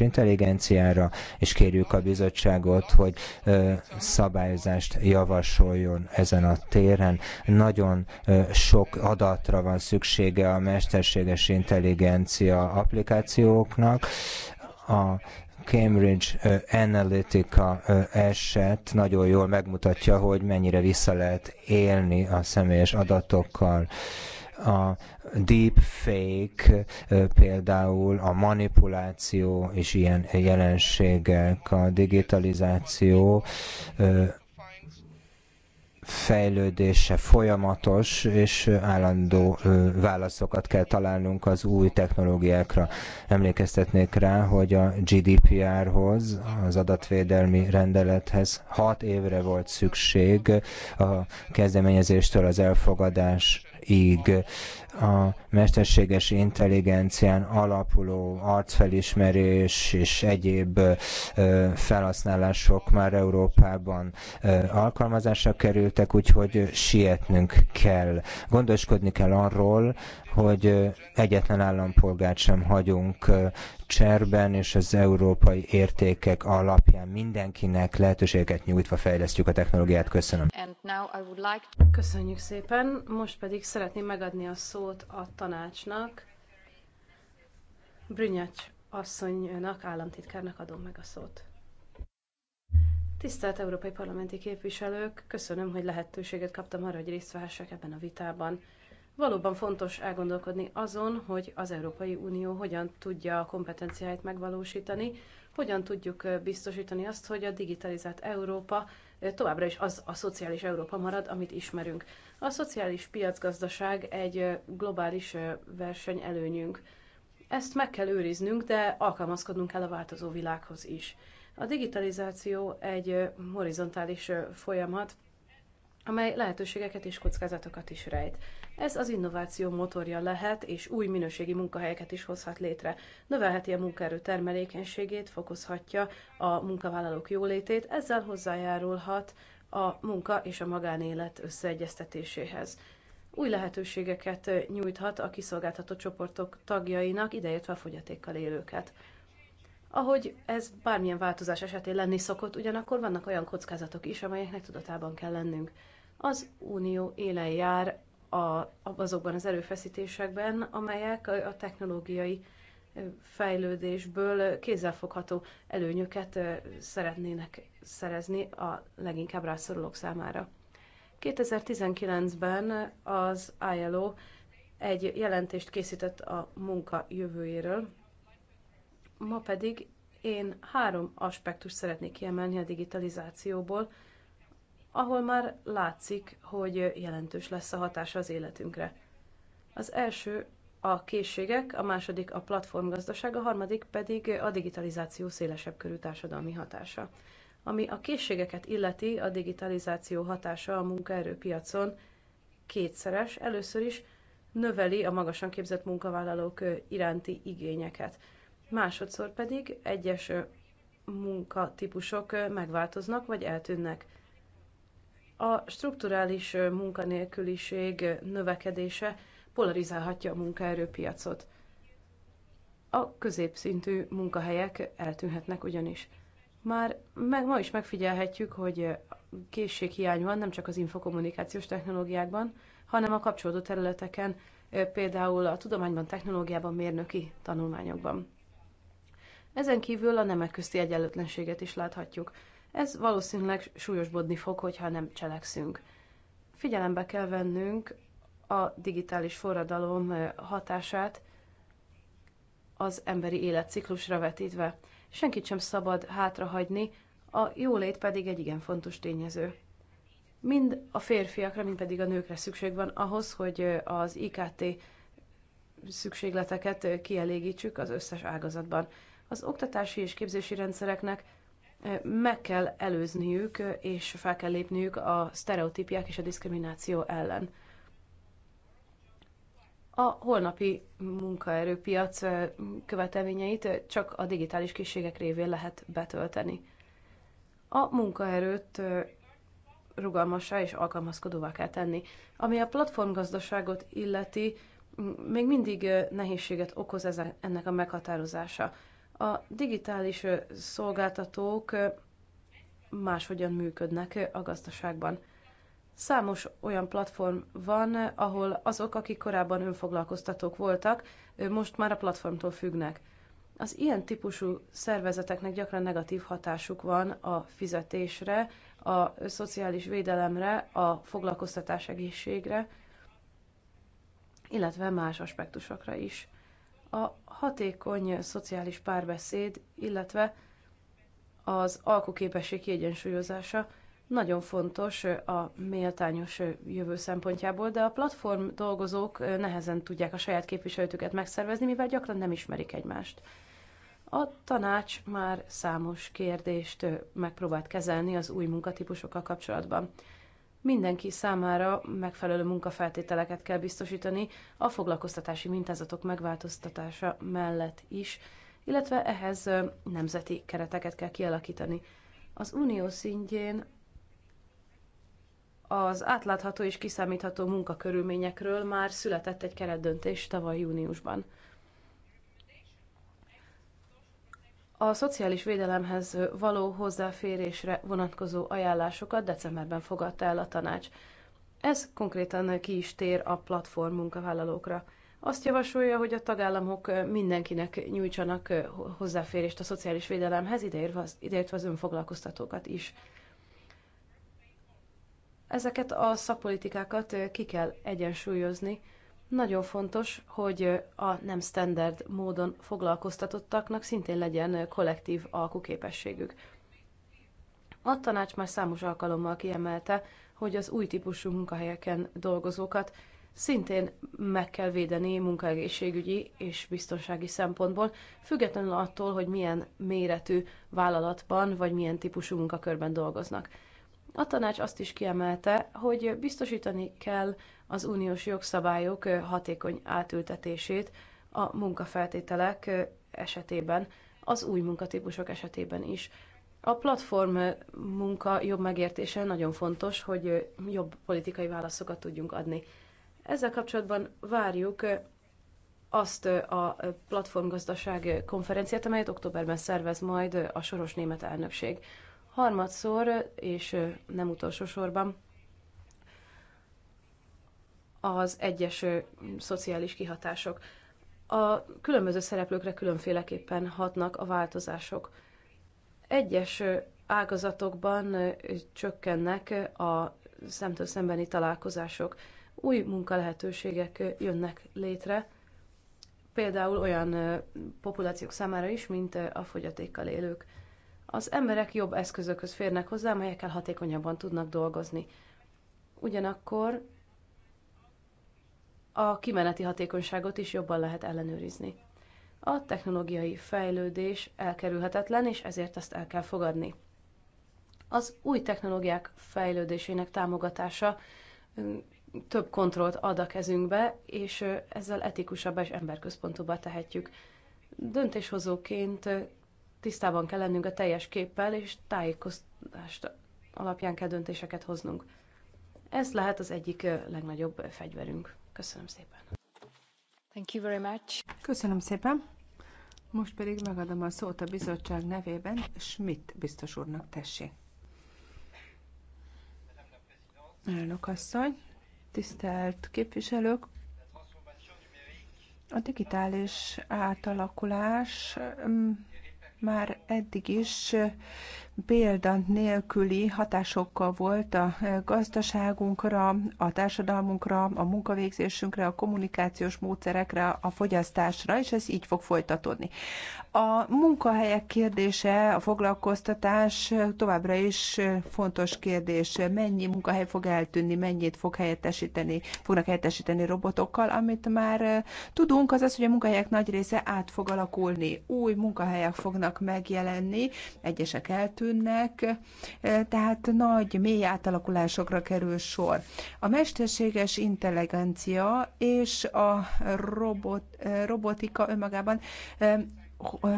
intelligenciára, és kérjük a bizottságot, hogy szabályozást javasoljon ezen a téren. Nagyon sok adatra van szüksége a mesterséges intelligencia applikációknak. A Cambridge Analytica eset nagyon jól megmutatja, hogy mennyire vissza lehet élni a személyes adatokkal a deepfake például, a manipuláció és ilyen jelenségek, a digitalizáció fejlődése folyamatos, és állandó válaszokat kell találnunk az új technológiákra. Emlékeztetnék rá, hogy a GDPR-hoz, az adatvédelmi rendelethez hat évre volt szükség a kezdeményezéstől az elfogadás ig. A mesterséges intelligencián alapuló arcfelismerés és egyéb felhasználások már Európában alkalmazásra kerültek, úgyhogy sietnünk kell. Gondoskodni kell arról, hogy egyetlen állampolgárt sem hagyunk cserben, és az európai értékek alapján mindenkinek lehetőséget nyújtva fejlesztjük a technológiát. Köszönöm. Like Köszönjük szépen. Most pedig szeretném megadni a szót a tanácsnak. Brünyacs asszonynak, államtitkárnak adom meg a szót. Tisztelt Európai Parlamenti képviselők, köszönöm, hogy lehetőséget kaptam arra, hogy részt vehessek ebben a vitában. Valóban fontos elgondolkodni azon, hogy az Európai Unió hogyan tudja a kompetenciáit megvalósítani, hogyan tudjuk biztosítani azt, hogy a digitalizált Európa továbbra is az a szociális Európa marad, amit ismerünk. A szociális piacgazdaság egy globális versenyelőnyünk. Ezt meg kell őriznünk, de alkalmazkodnunk kell a változó világhoz is. A digitalizáció egy horizontális folyamat, amely lehetőségeket és kockázatokat is rejt. Ez az innováció motorja lehet, és új minőségi munkahelyeket is hozhat létre. Növelheti a munkaerő termelékenységét, fokozhatja a munkavállalók jólétét, ezzel hozzájárulhat a munka és a magánélet összeegyeztetéséhez. Új lehetőségeket nyújthat a kiszolgáltatott csoportok tagjainak, ideértve a fogyatékkal élőket. Ahogy ez bármilyen változás esetén lenni szokott, ugyanakkor vannak olyan kockázatok is, amelyeknek tudatában kell lennünk az Unió élen jár a, azokban az erőfeszítésekben, amelyek a technológiai fejlődésből kézzelfogható előnyöket szeretnének szerezni a leginkább rászorulók számára. 2019-ben az ILO egy jelentést készített a munka jövőjéről, ma pedig én három aspektust szeretnék kiemelni a digitalizációból, ahol már látszik, hogy jelentős lesz a hatása az életünkre. Az első a készségek, a második a platformgazdaság, a harmadik pedig a digitalizáció szélesebb körű társadalmi hatása. Ami a készségeket illeti, a digitalizáció hatása a munkaerőpiacon kétszeres. Először is növeli a magasan képzett munkavállalók iránti igényeket. Másodszor pedig egyes munkatípusok megváltoznak vagy eltűnnek. A strukturális munkanélküliség növekedése polarizálhatja a munkaerőpiacot. A középszintű munkahelyek eltűnhetnek ugyanis. Már meg, ma is megfigyelhetjük, hogy készséghiány van nem csak az infokommunikációs technológiákban, hanem a kapcsolódó területeken, például a tudományban, technológiában, mérnöki tanulmányokban. Ezen kívül a nemek közti egyenlőtlenséget is láthatjuk. Ez valószínűleg súlyosbodni fog, hogyha nem cselekszünk. Figyelembe kell vennünk a digitális forradalom hatását az emberi életciklusra vetítve. Senkit sem szabad hátrahagyni, a jólét pedig egy igen fontos tényező. Mind a férfiakra, mind pedig a nőkre szükség van ahhoz, hogy az IKT szükségleteket kielégítsük az összes ágazatban. Az oktatási és képzési rendszereknek meg kell előzniük, és fel kell lépniük a sztereotípiák és a diszkrimináció ellen. A holnapi munkaerőpiac követelményeit csak a digitális készségek révén lehet betölteni. A munkaerőt rugalmassá és alkalmazkodóvá kell tenni. Ami a platformgazdaságot illeti, még mindig nehézséget okoz ennek a meghatározása. A digitális szolgáltatók máshogyan működnek a gazdaságban. Számos olyan platform van, ahol azok, akik korábban önfoglalkoztatók voltak, most már a platformtól függnek. Az ilyen típusú szervezeteknek gyakran negatív hatásuk van a fizetésre, a szociális védelemre, a foglalkoztatás egészségre, illetve más aspektusokra is a hatékony szociális párbeszéd, illetve az alkuképesség kiegyensúlyozása nagyon fontos a méltányos jövő szempontjából, de a platform dolgozók nehezen tudják a saját képviselőtüket megszervezni, mivel gyakran nem ismerik egymást. A tanács már számos kérdést megpróbált kezelni az új munkatípusokkal kapcsolatban mindenki számára megfelelő munkafeltételeket kell biztosítani a foglalkoztatási mintázatok megváltoztatása mellett is, illetve ehhez nemzeti kereteket kell kialakítani. Az unió szintjén az átlátható és kiszámítható munkakörülményekről már született egy keretdöntés tavaly júniusban. A szociális védelemhez való hozzáférésre vonatkozó ajánlásokat decemberben fogadta el a tanács. Ez konkrétan ki is tér a platform munkavállalókra. Azt javasolja, hogy a tagállamok mindenkinek nyújtsanak hozzáférést a szociális védelemhez, ideértve az, ideértve az önfoglalkoztatókat is. Ezeket a szakpolitikákat ki kell egyensúlyozni, nagyon fontos, hogy a nem standard módon foglalkoztatottaknak szintén legyen kollektív alkuképességük. A tanács már számos alkalommal kiemelte, hogy az új típusú munkahelyeken dolgozókat szintén meg kell védeni munkaegészségügyi és biztonsági szempontból, függetlenül attól, hogy milyen méretű vállalatban vagy milyen típusú munkakörben dolgoznak. A tanács azt is kiemelte, hogy biztosítani kell az uniós jogszabályok hatékony átültetését a munkafeltételek esetében, az új munkatípusok esetében is. A platform munka jobb megértése nagyon fontos, hogy jobb politikai válaszokat tudjunk adni. Ezzel kapcsolatban várjuk azt a platformgazdaság konferenciát, amelyet októberben szervez majd a soros német elnökség. Harmadszor, és nem utolsó sorban, az egyes szociális kihatások. A különböző szereplőkre különféleképpen hatnak a változások. Egyes ágazatokban csökkennek a szemtől szembeni találkozások. Új munkalehetőségek jönnek létre, például olyan populációk számára is, mint a fogyatékkal élők az emberek jobb eszközökhöz férnek hozzá, amelyekkel hatékonyabban tudnak dolgozni. Ugyanakkor a kimeneti hatékonyságot is jobban lehet ellenőrizni. A technológiai fejlődés elkerülhetetlen, és ezért ezt el kell fogadni. Az új technológiák fejlődésének támogatása több kontrollt ad a kezünkbe, és ezzel etikusabbá és emberközpontúbbá tehetjük. Döntéshozóként tisztában kell lennünk a teljes képpel, és tájékoztatást alapján kell döntéseket hoznunk. Ez lehet az egyik legnagyobb fegyverünk. Köszönöm szépen. Thank you very much. Köszönöm szépen. Most pedig megadom a szót a bizottság nevében Schmidt biztos úrnak, tessék. Elnök asszony, tisztelt képviselők, a digitális átalakulás mm, már eddig is példa nélküli hatásokkal volt a gazdaságunkra, a társadalmunkra, a munkavégzésünkre, a kommunikációs módszerekre, a fogyasztásra, és ez így fog folytatódni. A munkahelyek kérdése, a foglalkoztatás továbbra is fontos kérdés. Mennyi munkahely fog eltűnni, mennyit fog helyettesíteni, fognak helyettesíteni robotokkal, amit már tudunk, az az, hogy a munkahelyek nagy része át fog alakulni. Új munkahelyek fognak megjelenni, egyesek eltűnni, tűnnek, e, tehát nagy, mély átalakulásokra kerül sor. A mesterséges intelligencia és a robot, e, robotika önmagában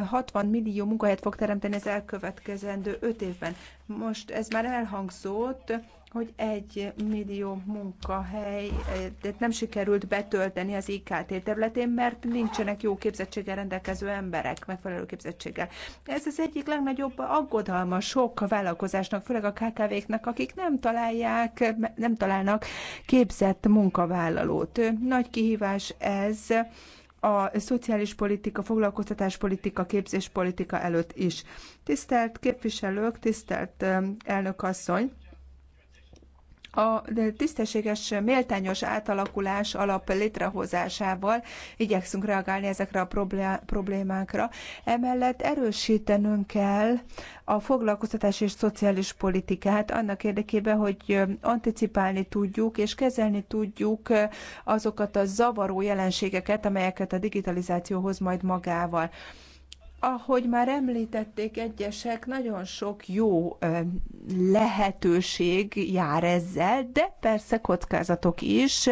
60 e, millió munkahelyet fog teremteni az elkövetkezendő 5 évben. Most ez már elhangzott, hogy egy millió munkahely eh, nem sikerült betölteni az IKT területén, mert nincsenek jó képzettséggel rendelkező emberek, megfelelő képzettséggel. Ez az egyik legnagyobb aggodalma sok vállalkozásnak, főleg a KKV-knak, akik nem találják, nem találnak képzett munkavállalót. Nagy kihívás ez a szociális politika, foglalkoztatás politika, képzés politika előtt is. Tisztelt képviselők, tisztelt eh, asszony, a tisztességes, méltányos átalakulás alap létrehozásával igyekszünk reagálni ezekre a problémákra. Emellett erősítenünk kell a foglalkoztatás és szociális politikát annak érdekében, hogy anticipálni tudjuk és kezelni tudjuk azokat a zavaró jelenségeket, amelyeket a digitalizáció hoz majd magával. Ahogy már említették egyesek, nagyon sok jó lehetőség jár ezzel, de persze kockázatok is.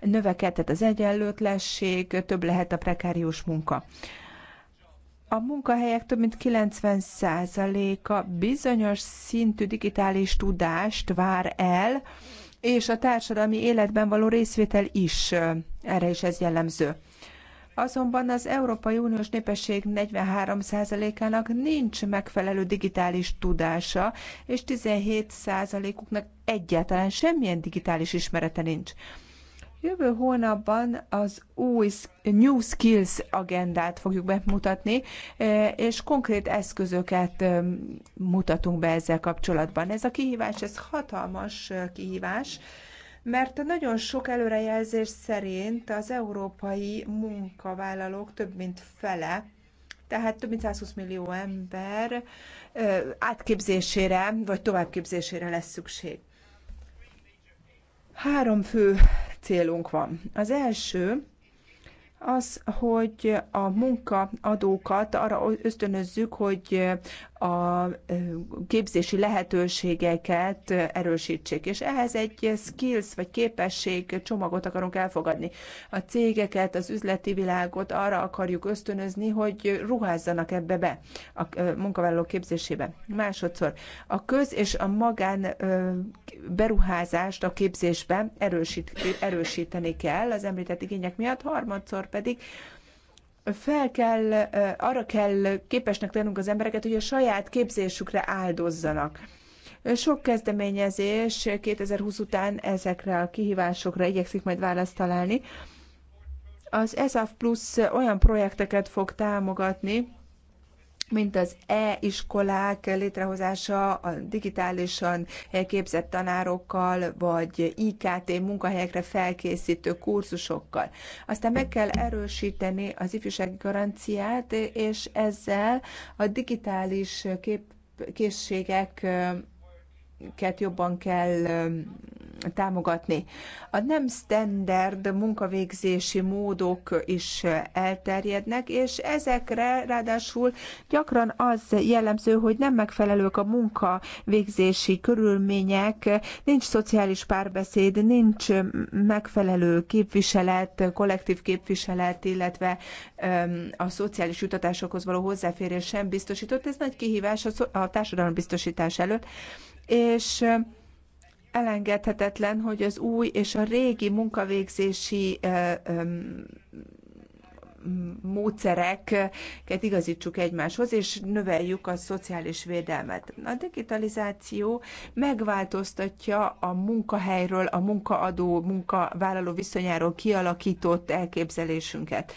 Növekedhet az egyenlőtlenség, több lehet a prekáriós munka. A munkahelyek több mint 90%-a bizonyos szintű digitális tudást vár el, és a társadalmi életben való részvétel is erre is ez jellemző azonban az Európai Uniós népesség 43%-ának nincs megfelelő digitális tudása, és 17%-uknak egyáltalán semmilyen digitális ismerete nincs. Jövő hónapban az új New Skills agendát fogjuk bemutatni, e, és konkrét eszközöket e, mutatunk be ezzel kapcsolatban. Ez a kihívás, ez hatalmas e, kihívás, mert nagyon sok előrejelzés szerint az európai munkavállalók több mint fele, tehát több mint 120 millió ember átképzésére vagy továbbképzésére lesz szükség. Három fő célunk van. Az első, az, hogy a munkaadókat arra ösztönözzük, hogy a képzési lehetőségeket erősítsék. És ehhez egy skills vagy képesség csomagot akarunk elfogadni. A cégeket, az üzleti világot arra akarjuk ösztönözni, hogy ruházzanak ebbe be a munkavállalók képzésébe. Másodszor a köz és a magán beruházást a képzésbe erősít, erősíteni kell az említett igények miatt. Harmadszor pedig fel kell, arra kell képesnek lennünk az embereket, hogy a saját képzésükre áldozzanak. Sok kezdeményezés 2020 után ezekre a kihívásokra igyekszik majd választ találni. Az ESAF Plus olyan projekteket fog támogatni, mint az e-iskolák létrehozása a digitálisan képzett tanárokkal, vagy IKT munkahelyekre felkészítő kurzusokkal. Aztán meg kell erősíteni az ifjúsági garanciát, és ezzel a digitális kép készségek őket jobban kell támogatni. A nem standard munkavégzési módok is elterjednek, és ezekre ráadásul gyakran az jellemző, hogy nem megfelelők a munkavégzési körülmények, nincs szociális párbeszéd, nincs megfelelő képviselet, kollektív képviselet, illetve a szociális jutatásokhoz való hozzáférés sem biztosított. Ez nagy kihívás a társadalombiztosítás előtt és elengedhetetlen, hogy az új és a régi munkavégzési módszereket igazítsuk egymáshoz, és növeljük a szociális védelmet. A digitalizáció megváltoztatja a munkahelyről, a munkaadó, munkavállaló viszonyáról kialakított elképzelésünket.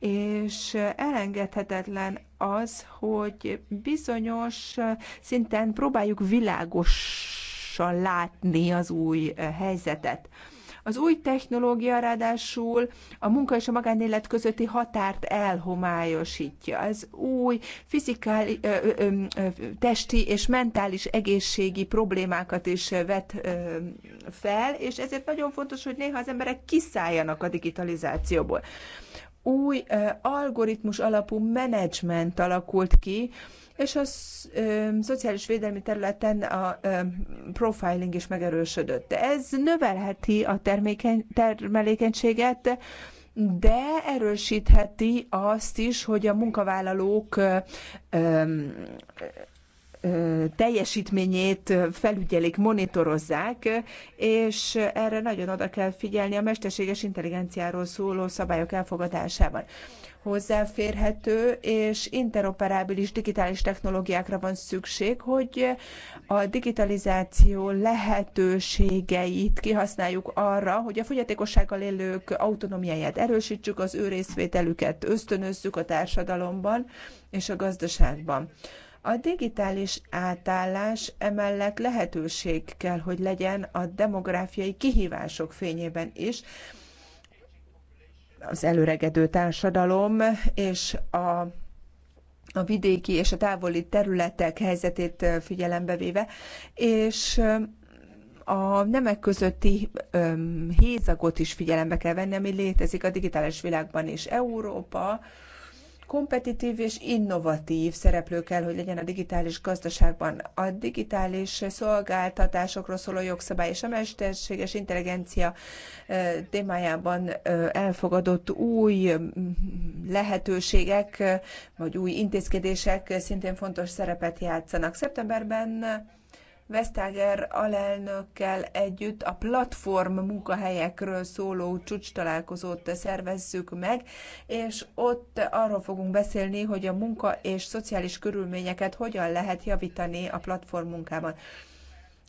És elengedhetetlen az, hogy bizonyos szinten próbáljuk világosan látni az új helyzetet. Az új technológia ráadásul a munka és a magánélet közötti határt elhomályosítja. Az új fizikális, testi és mentális egészségi problémákat is vet fel, és ezért nagyon fontos, hogy néha az emberek kiszálljanak a digitalizációból új algoritmus alapú menedzsment alakult ki, és a szociális védelmi területen a profiling is megerősödött. Ez növelheti a termelékenységet, de erősítheti azt is, hogy a munkavállalók teljesítményét felügyelik, monitorozzák, és erre nagyon oda kell figyelni a mesterséges intelligenciáról szóló szabályok elfogadásában. Hozzáférhető és interoperábilis digitális technológiákra van szükség, hogy a digitalizáció lehetőségeit kihasználjuk arra, hogy a fogyatékossággal élők autonomiáját erősítsük, az ő részvételüket ösztönözzük a társadalomban és a gazdaságban a digitális átállás emellett lehetőség kell, hogy legyen a demográfiai kihívások fényében is, az előregedő társadalom és a a vidéki és a távoli területek helyzetét figyelembe véve, és a nemek közötti öm, hézagot is figyelembe kell venni, ami létezik a digitális világban is. Európa Kompetitív és innovatív szereplő kell, hogy legyen a digitális gazdaságban. A digitális szolgáltatásokról szóló jogszabály és a mesterséges intelligencia témájában elfogadott új lehetőségek vagy új intézkedések szintén fontos szerepet játszanak. Szeptemberben Vestager alelnökkel együtt a platform munkahelyekről szóló csúcs találkozót szervezzük meg, és ott arról fogunk beszélni, hogy a munka és szociális körülményeket hogyan lehet javítani a platform munkában.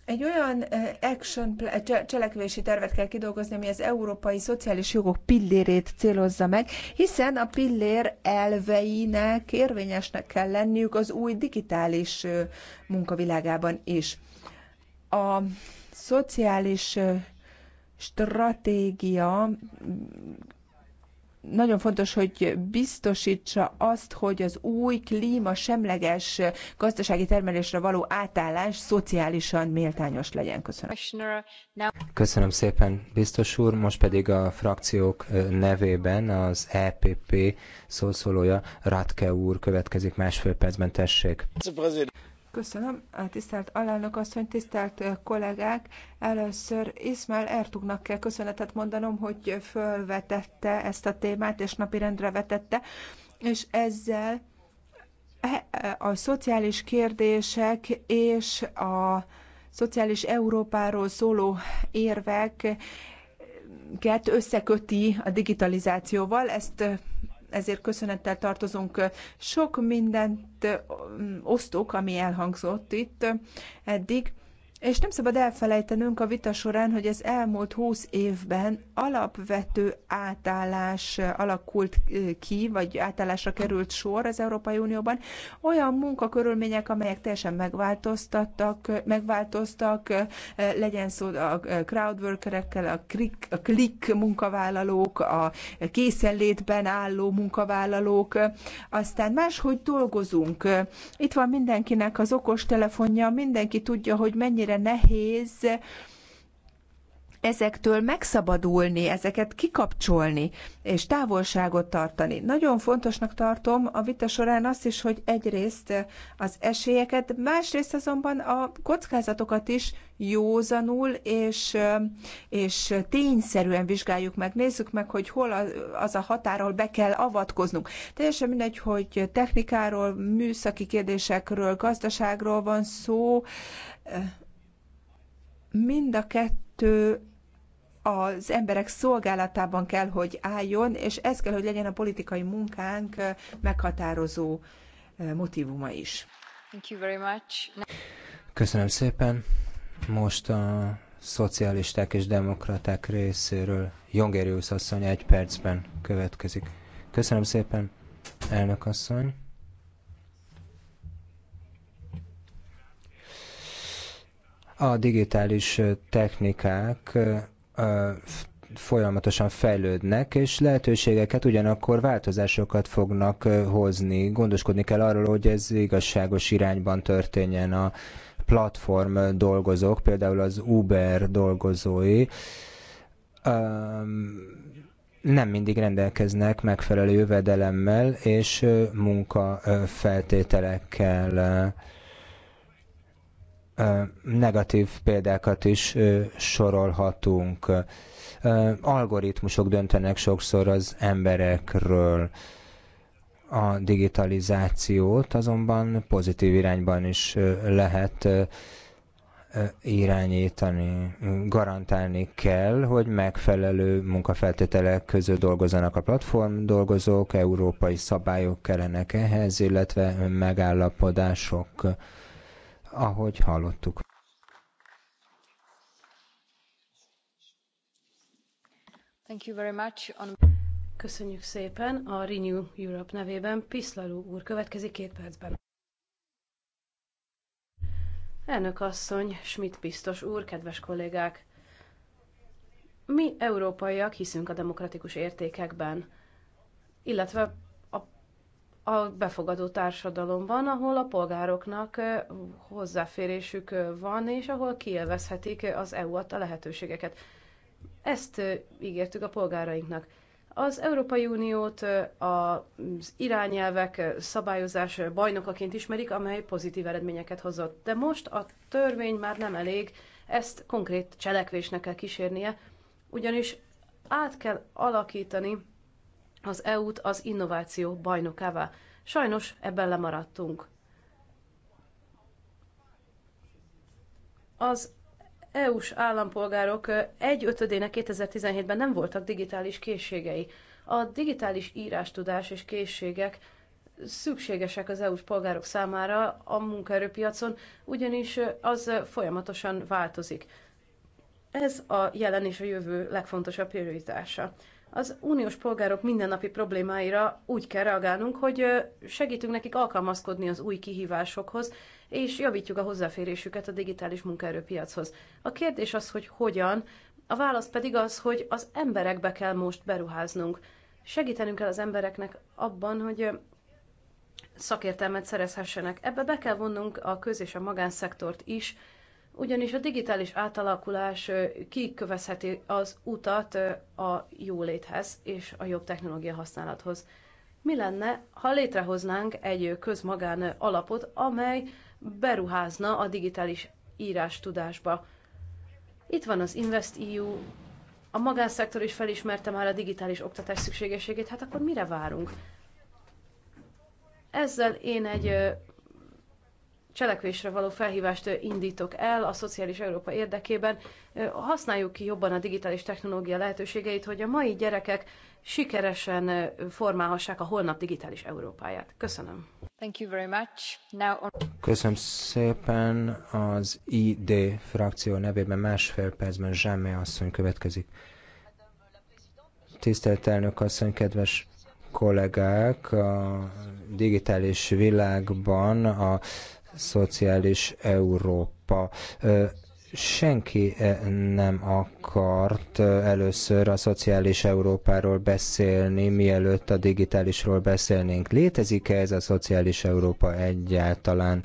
Egy olyan eh, action eh, cselekvési tervet kell kidolgozni, ami az európai szociális jogok pillérét célozza meg, hiszen a pillér elveinek érvényesnek kell lenniük az új digitális eh, munkavilágában is a szociális stratégia nagyon fontos, hogy biztosítsa azt, hogy az új klíma semleges gazdasági termelésre való átállás szociálisan méltányos legyen. Köszönöm. Köszönöm szépen, biztos úr. Most pedig a frakciók nevében az EPP szószólója Ratke úr következik másfél percben, tessék. Köszönöm, tisztelt alelnök asszony, tisztelt kollégák! Először Ismail Ertugnak kell köszönetet mondanom, hogy fölvetette ezt a témát, és napirendre vetette, és ezzel e, a szociális kérdések és a szociális Európáról szóló érvek összeköti a digitalizációval. Ezt ezért köszönettel tartozunk. Sok mindent osztok, ami elhangzott itt eddig, és nem szabad elfelejtenünk a vita során, hogy az elmúlt húsz évben alapvető átállás alakult eh, ki, vagy átállásra került sor az Európai Unióban. Olyan munkakörülmények, amelyek teljesen megváltoztattak, eh, megváltoztak eh, legyen szó a crowdworkerekkel, a click, a click munkavállalók, a készenlétben álló munkavállalók, aztán máshogy dolgozunk. Itt van mindenkinek az okos mindenki tudja, hogy mennyire mennyire nehéz ezektől megszabadulni, ezeket kikapcsolni és távolságot tartani. Nagyon fontosnak tartom a vita során azt is, hogy egyrészt az esélyeket, másrészt azonban a kockázatokat is józanul és, és tényszerűen vizsgáljuk meg, nézzük meg, hogy hol az a határól be kell avatkoznunk. Teljesen mindegy, hogy technikáról, műszaki kérdésekről, gazdaságról van szó, Mind a kettő az emberek szolgálatában kell, hogy álljon, és ez kell, hogy legyen a politikai munkánk eh, meghatározó eh, motivuma is. Thank you very much. Köszönöm szépen. Most a szocialisták és demokraták részéről Jongerius asszony egy percben következik. Köszönöm szépen, elnök asszony. A digitális technikák folyamatosan fejlődnek, és lehetőségeket, ugyanakkor változásokat fognak hozni. Gondoskodni kell arról, hogy ez igazságos irányban történjen a platform dolgozók, például az Uber dolgozói nem mindig rendelkeznek megfelelő jövedelemmel és munkafeltételekkel negatív példákat is sorolhatunk. Algoritmusok döntenek sokszor az emberekről. A digitalizációt azonban pozitív irányban is lehet irányítani, garantálni kell, hogy megfelelő munkafeltételek között dolgozzanak a platform dolgozók, európai szabályok kellenek ehhez, illetve megállapodások ahogy hallottuk. Thank you very much. Köszönjük szépen. A Renew Europe nevében Piszlalú úr következik két percben. Elnök asszony, Schmidt biztos úr, kedves kollégák! Mi, európaiak hiszünk a demokratikus értékekben, illetve a befogadó társadalomban, ahol a polgároknak hozzáférésük van, és ahol kielvezhetik az EU adta lehetőségeket. Ezt ígértük a polgárainknak. Az Európai Uniót az irányelvek szabályozás bajnokaként ismerik, amely pozitív eredményeket hozott. De most a törvény már nem elég, ezt konkrét cselekvésnek kell kísérnie, ugyanis át kell alakítani az EU-t az innováció bajnokává. Sajnos ebben lemaradtunk. Az EU-s állampolgárok egy ötödének 2017-ben nem voltak digitális készségei. A digitális írástudás és készségek szükségesek az EU-s polgárok számára a munkaerőpiacon, ugyanis az folyamatosan változik. Ez a jelen és a jövő legfontosabb prioritása az uniós polgárok mindennapi problémáira úgy kell reagálnunk, hogy segítünk nekik alkalmazkodni az új kihívásokhoz, és javítjuk a hozzáférésüket a digitális munkaerőpiachoz. A kérdés az, hogy hogyan, a válasz pedig az, hogy az emberekbe kell most beruháznunk. Segítenünk kell az embereknek abban, hogy szakértelmet szerezhessenek. Ebbe be kell vonnunk a köz- és a magánszektort is, ugyanis a digitális átalakulás kikövezheti az utat a jóléthez és a jobb technológia használathoz. Mi lenne, ha létrehoznánk egy közmagán alapot, amely beruházna a digitális írás tudásba? Itt van az InvestEU, a magánszektor is felismerte már a digitális oktatás szükségességét, hát akkor mire várunk? Ezzel én egy cselekvésre való felhívást indítok el a szociális Európa érdekében. Használjuk ki jobban a digitális technológia lehetőségeit, hogy a mai gyerekek sikeresen formálhassák a holnap digitális Európáját. Köszönöm. Thank you very much. Now on... Köszönöm szépen. Az ID frakció nevében másfél percben Zsámé asszony következik. Tisztelt elnök asszony, kedves kollégák, a digitális világban a szociális Európa senki nem akart először a szociális Európáról beszélni, mielőtt a digitálisról beszélnénk. Létezik-e ez a szociális Európa egyáltalán?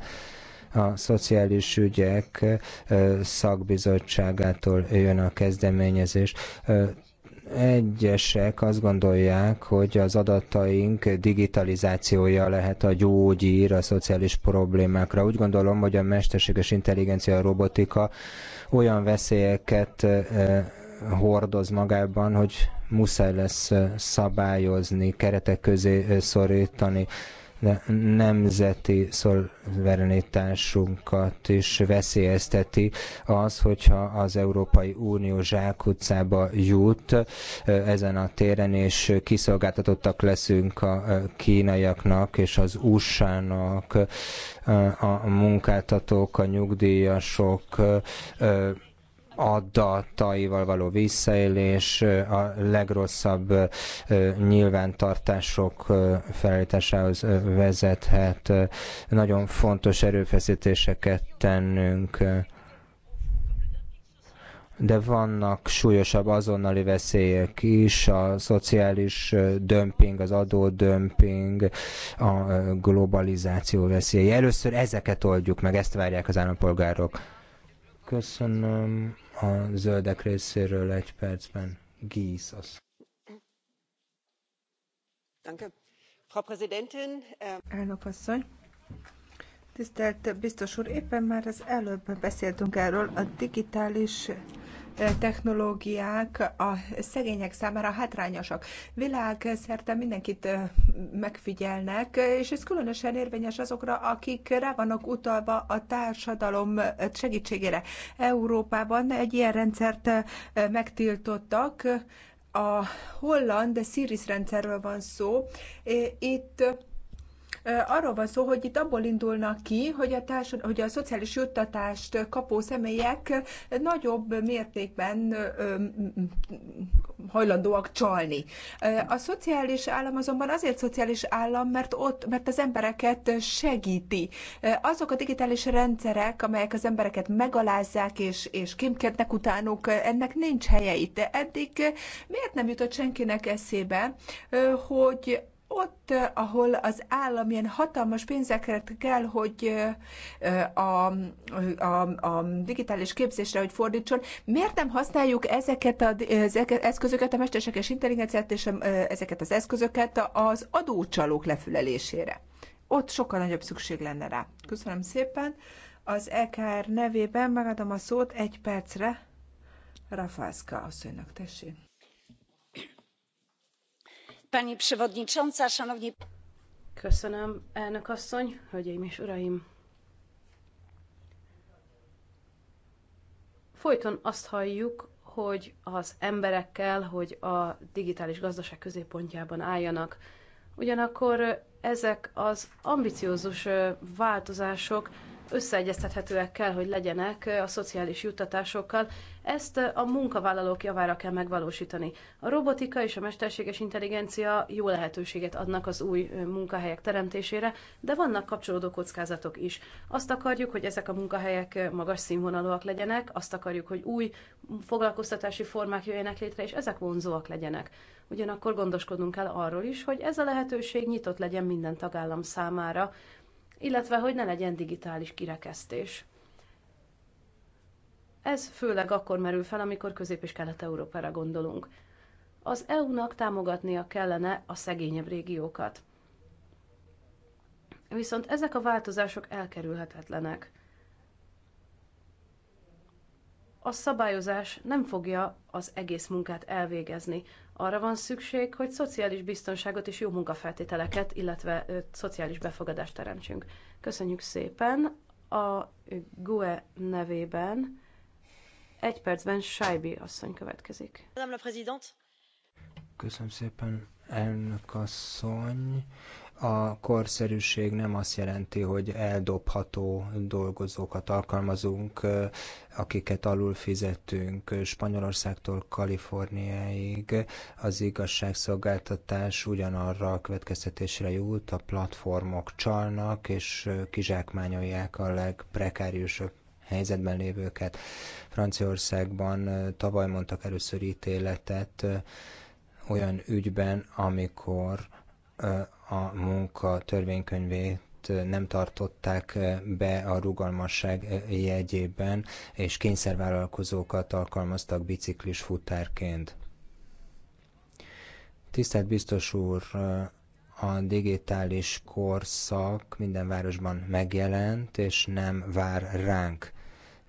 A Szociális Ügyek Szakbizottságától jön a kezdeményezés. Egyesek azt gondolják, hogy az adataink digitalizációja lehet a gyógyír a szociális problémákra. Úgy gondolom, hogy a mesterséges intelligencia, a robotika olyan veszélyeket eh, hordoz magában, hogy muszáj lesz eh, szabályozni, keretek közé eh, szorítani nemzeti szolverenitásunkat is veszélyezteti az, hogyha az Európai Unió zsákutcába jut ezen a téren, és kiszolgáltatottak leszünk a kínaiaknak és az USA-nak, a munkáltatók, a nyugdíjasok, adataival való visszaélés, a legrosszabb nyilvántartások felállításához vezethet. Nagyon fontos erőfeszítéseket tennünk de vannak súlyosabb azonnali veszélyek is, a szociális dömping, az adódömping, a globalizáció veszélye. Először ezeket oldjuk meg, ezt várják az állampolgárok. Köszönöm a zöldek részéről egy percben. Gíz az. Äh Elnök asszony, Tisztelt biztos úr, éppen már az előbb beszéltünk erről, a digitális eh, technológiák a szegények számára hátrányosak. Világszerte mindenkit eh, megfigyelnek, és ez különösen érvényes azokra, akik rá vannak utalva a társadalom eh, segítségére. Európában egy ilyen rendszert megtiltottak, a holland Siris rendszerről van szó. Itt Arról van szó, hogy itt abból indulnak ki, hogy a, társad, hogy a szociális juttatást kapó személyek nagyobb mértékben hajlandóak csalni. A szociális állam azonban azért szociális állam, mert ott, mert az embereket segíti. Azok a digitális rendszerek, amelyek az embereket megalázzák és, és kémkednek utánuk, ennek nincs helye itt. eddig miért nem jutott senkinek eszébe, hogy ott, eh, ahol az állam ilyen hatalmas pénzeket kell, hogy eh, a, a, a digitális képzésre hogy fordítson, miért nem használjuk ezeket az eszközöket, a mesterséges intelligenciát és eh, ezeket az eszközöket az adócsalók lefülelésére? Ott sokkal nagyobb szükség lenne rá. Köszönöm szépen. Az EKR nevében megadom a szót egy percre. Rafalszka asszonynak, tessék pani przewodnicząca! szanowni. köszönöm elnök asszony hölgyeim és uraim! folyton azt halljuk hogy az emberekkel hogy a digitális gazdaság középpontjában álljanak ugyanakkor ezek az ambiciózus változások összeegyeztethetőek kell, hogy legyenek a szociális juttatásokkal. Ezt a munkavállalók javára kell megvalósítani. A robotika és a mesterséges intelligencia jó lehetőséget adnak az új munkahelyek teremtésére, de vannak kapcsolódó kockázatok is. Azt akarjuk, hogy ezek a munkahelyek magas színvonalúak legyenek, azt akarjuk, hogy új foglalkoztatási formák jöjjenek létre, és ezek vonzóak legyenek. Ugyanakkor gondoskodnunk kell arról is, hogy ez a lehetőség nyitott legyen minden tagállam számára, illetve hogy ne legyen digitális kirekesztés. Ez főleg akkor merül fel, amikor Közép- és Kelet-Európára gondolunk. Az EU-nak támogatnia kellene a szegényebb régiókat. Viszont ezek a változások elkerülhetetlenek. a szabályozás nem fogja az egész munkát elvégezni. Arra van szükség, hogy szociális biztonságot és jó munkafeltételeket, illetve szociális befogadást teremtsünk. Köszönjük szépen! A GUE nevében egy percben Sajbi asszony következik. Madame la Présidente. Köszönöm szépen, elnök asszony a korszerűség nem azt jelenti, hogy eldobható dolgozókat alkalmazunk, akiket alul fizetünk Spanyolországtól Kaliforniáig. Az igazságszolgáltatás ugyanarra a következtetésre jut, a platformok csalnak és kizsákmányolják a legprekáriusabb helyzetben lévőket. Franciaországban tavaly mondtak először ítéletet olyan ügyben, amikor a munka törvénykönyvét nem tartották be a rugalmasság jegyében, és kényszervállalkozókat alkalmaztak biciklis futárként. Tisztelt biztos úr, a digitális korszak minden városban megjelent, és nem vár ránk.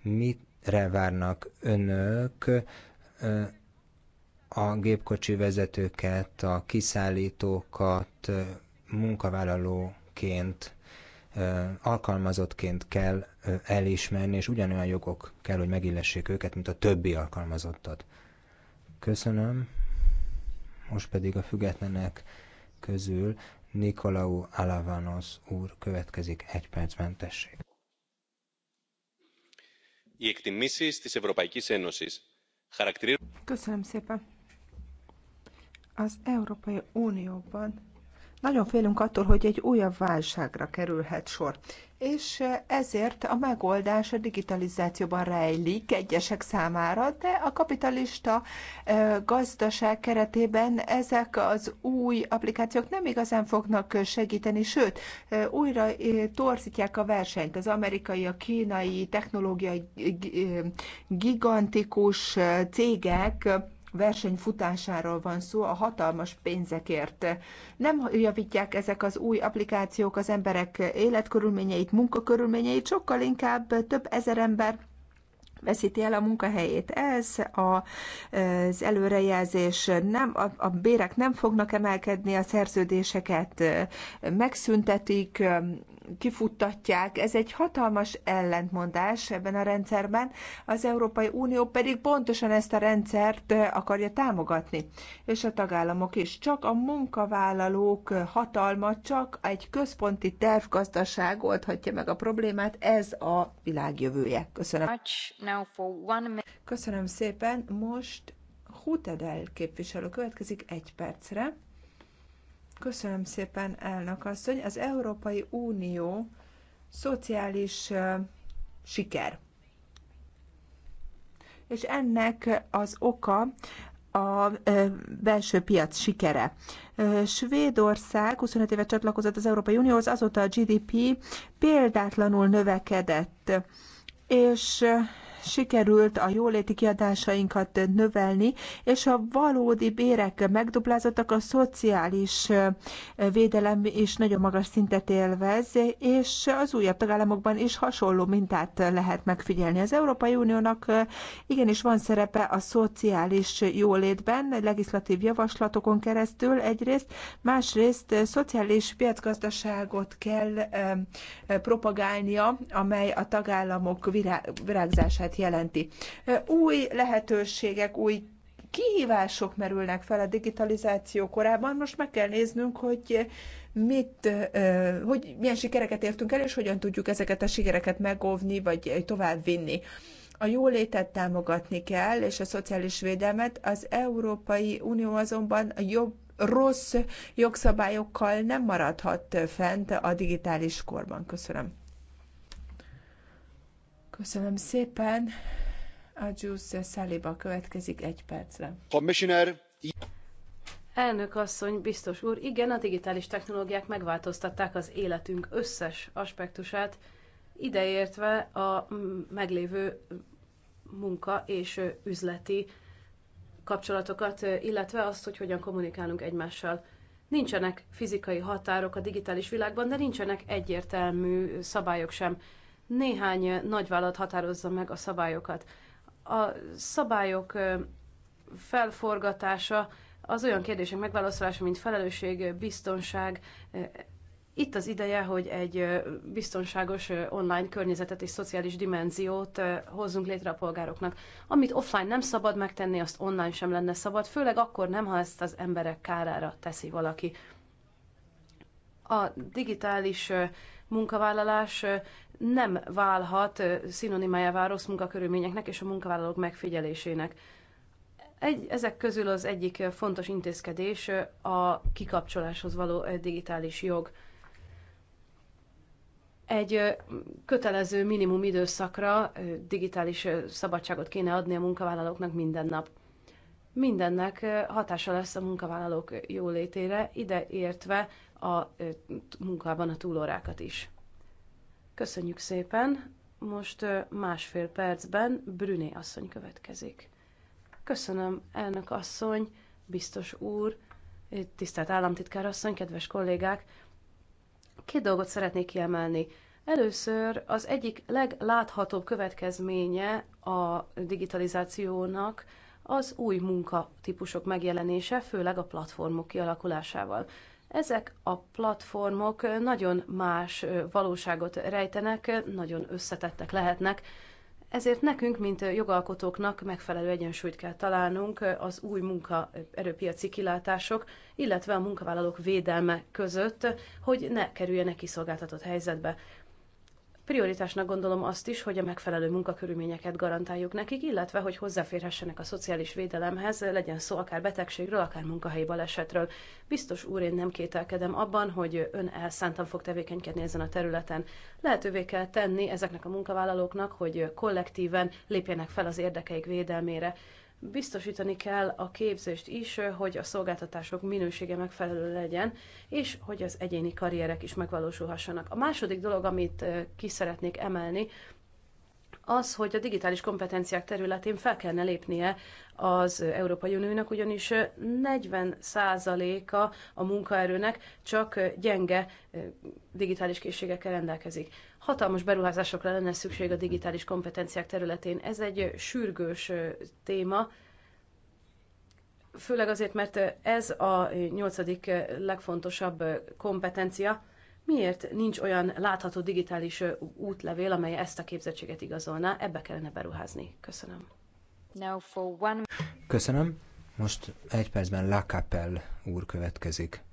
Mitre várnak önök? a gépkocsi vezetőket, a kiszállítókat munkavállalóként, alkalmazottként kell elismerni, és ugyanolyan jogok kell, hogy megillessék őket, mint a többi alkalmazottat. Köszönöm. Most pedig a függetlenek közül Nikolau Alavanos úr következik egy perc mentesség. Köszönöm szépen. Az Európai Unióban nagyon félünk attól, hogy egy újabb válságra kerülhet sor. És ezért a megoldás a digitalizációban rejlik egyesek számára, de a kapitalista gazdaság keretében ezek az új applikációk nem igazán fognak segíteni, sőt, újra torzítják a versenyt. Az amerikai, a kínai technológiai gigantikus cégek versenyfutásáról van szó a hatalmas pénzekért. Nem javítják ezek az új applikációk az emberek életkörülményeit, munkakörülményeit, sokkal inkább több ezer ember veszíti el a munkahelyét. Ez a, az előrejelzés, nem, a, a bérek nem fognak emelkedni, a szerződéseket megszüntetik, kifuttatják. Ez egy hatalmas ellentmondás ebben a rendszerben, az Európai Unió pedig pontosan ezt a rendszert eh, akarja támogatni, és a tagállamok is. Csak a munkavállalók eh, hatalma, csak egy központi tervgazdaság oldhatja meg a problémát, ez a világjövője. Köszönöm. Köszönöm szépen, most Hutedel képviselő következik egy percre. Köszönöm szépen, elnök asszony. Az Európai Unió szociális siker. És ennek az oka a belső piac sikere. Svédország 25 éve csatlakozott az Európai Unióhoz, azóta a GDP példátlanul növekedett, és sikerült a jóléti kiadásainkat növelni, és a valódi bérek megduplázottak, a szociális védelem is nagyon magas szintet élvez, és az újabb tagállamokban is hasonló mintát lehet megfigyelni. Az Európai Uniónak igenis van szerepe a szociális jólétben, legislatív javaslatokon keresztül egyrészt, másrészt szociális piacgazdaságot kell propagálnia, amely a tagállamok virágzását lehetőségeket jelenti. Új lehetőségek, új kihívások merülnek fel a digitalizáció korában. Most meg kell néznünk, hogy mit, hogy milyen sikereket értünk el, és hogyan tudjuk ezeket a sikereket megóvni, vagy tovább vinni. A jólétet támogatni kell, és a szociális védelmet. Az Európai Unió azonban a jobb rossz jogszabályokkal nem maradhat fent a digitális korban. Köszönöm. Köszönöm szépen. A Juice következik egy percre. Commissioner. Elnök asszony, biztos úr, igen, a digitális technológiák megváltoztatták az életünk összes aspektusát, ideértve a meglévő munka és üzleti kapcsolatokat, illetve azt, hogy hogyan kommunikálunk egymással. Nincsenek fizikai határok a digitális világban, de nincsenek egyértelmű szabályok sem néhány nagyvállalat határozza meg a szabályokat. A szabályok felforgatása az olyan kérdések megválaszolása, mint felelősség, biztonság. Itt az ideje, hogy egy biztonságos online környezetet és szociális dimenziót hozzunk létre a polgároknak. Amit offline nem szabad megtenni, azt online sem lenne szabad, főleg akkor nem, ha ezt az emberek kárára teszi valaki. A digitális munkavállalás nem válhat szinonimájává a rossz munkakörülményeknek és a munkavállalók megfigyelésének. Egy, ezek közül az egyik fontos intézkedés a kikapcsoláshoz való digitális jog. Egy kötelező minimum időszakra digitális szabadságot kéne adni a munkavállalóknak minden nap. Mindennek hatása lesz a munkavállalók jólétére, ideértve a munkában a túlórákat is. Köszönjük szépen. Most másfél percben Brüné asszony következik. Köszönöm, elnök asszony, biztos úr, tisztelt államtitkár asszony, kedves kollégák. Két dolgot szeretnék kiemelni. Először az egyik legláthatóbb következménye a digitalizációnak az új munkatípusok megjelenése, főleg a platformok kialakulásával. Ezek a platformok nagyon más valóságot rejtenek, nagyon összetettek lehetnek, ezért nekünk, mint jogalkotóknak megfelelő egyensúlyt kell találnunk az új munkaerőpiaci kilátások, illetve a munkavállalók védelme között, hogy ne kerüljenek kiszolgáltatott helyzetbe. Prioritásnak gondolom azt is, hogy a megfelelő munkakörülményeket garantáljuk nekik, illetve hogy hozzáférhessenek a szociális védelemhez, legyen szó akár betegségről, akár munkahelyi balesetről. Biztos úr, én nem kételkedem abban, hogy ön elszántan fog tevékenykedni ezen a területen. Lehetővé kell tenni ezeknek a munkavállalóknak, hogy kollektíven lépjenek fel az érdekeik védelmére. Biztosítani kell a képzést is, hogy a szolgáltatások minősége megfelelő legyen, és hogy az egyéni karrierek is megvalósulhassanak. A második dolog, amit ki szeretnék emelni, az, hogy a digitális kompetenciák területén fel kellene lépnie az Európai Uniónak, ugyanis 40%-a a munkaerőnek csak gyenge digitális készségekkel rendelkezik. Hatalmas beruházásokra lenne szükség a digitális kompetenciák területén. Ez egy sürgős téma, főleg azért, mert ez a nyolcadik legfontosabb kompetencia, miért nincs olyan látható digitális útlevél, amely ezt a képzettséget igazolná? Ebbe kellene beruházni. Köszönöm. Now for one... Köszönöm. Most egy percben La Capelle úr következik.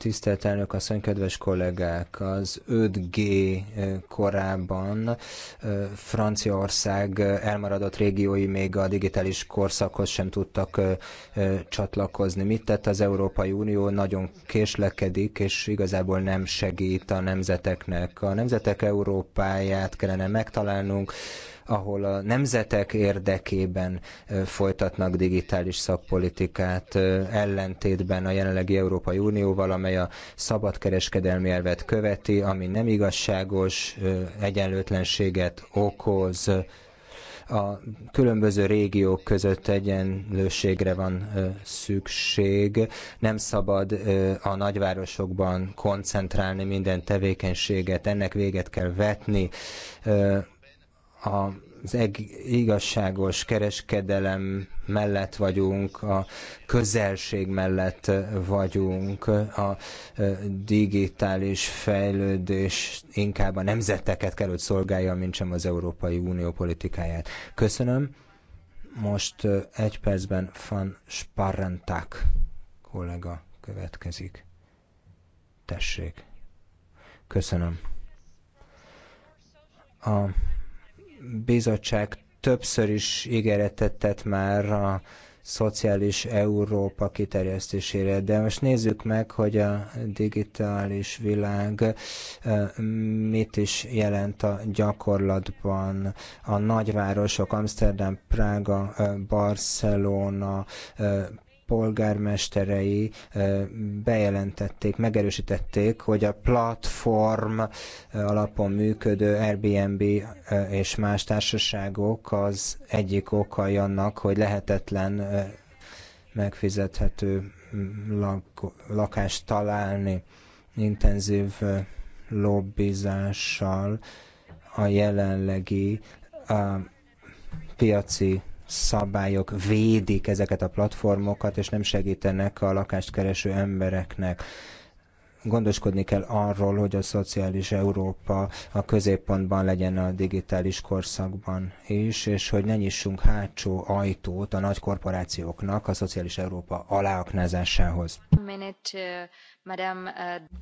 Tisztelt elnök asszony, kedves kollégák! Az 5G eh, korában eh, Franciaország eh, elmaradott régiói még a digitális korszakhoz sem tudtak csatlakozni. Mit tett az Európai Unió? Nagyon késlekedik, és igazából nem segít a nemzeteknek. A nemzetek Európáját kellene megtalálnunk, ahol a nemzetek érdekében folytatnak digitális szakpolitikát, ellentétben a jelenlegi Európai Unióval, amely a szabadkereskedelmi elvet követi, ami nem igazságos, egyenlőtlenséget okoz, a különböző régiók között egyenlőségre van szükség. Nem szabad a nagyvárosokban koncentrálni minden tevékenységet, ennek véget kell vetni az igazságos kereskedelem mellett vagyunk, a közelség mellett vagyunk, a digitális fejlődés inkább a nemzeteket kell, hogy szolgálja, mint sem az Európai Unió politikáját. Köszönöm. Most egy percben Van Sparrentak kollega következik. Tessék. Köszönöm. A bizottság többször is ígéretet tett már a szociális Európa kiterjesztésére. De most nézzük meg, hogy a digitális világ mit is jelent a gyakorlatban. A nagyvárosok, Amsterdam, Prága, Barcelona, polgármesterei bejelentették, megerősítették, hogy a platform alapon működő Airbnb és más társaságok az egyik oka annak, hogy lehetetlen megfizethető lak lakást találni intenzív lobbizással a jelenlegi a piaci szabályok védik ezeket a platformokat, és nem segítenek a lakást kereső embereknek gondoskodni kell arról, hogy a szociális Európa a középpontban legyen a digitális korszakban is, és hogy ne nyissunk hátsó ajtót a nagy korporációknak a szociális Európa aláaknázásához. Uh, uh,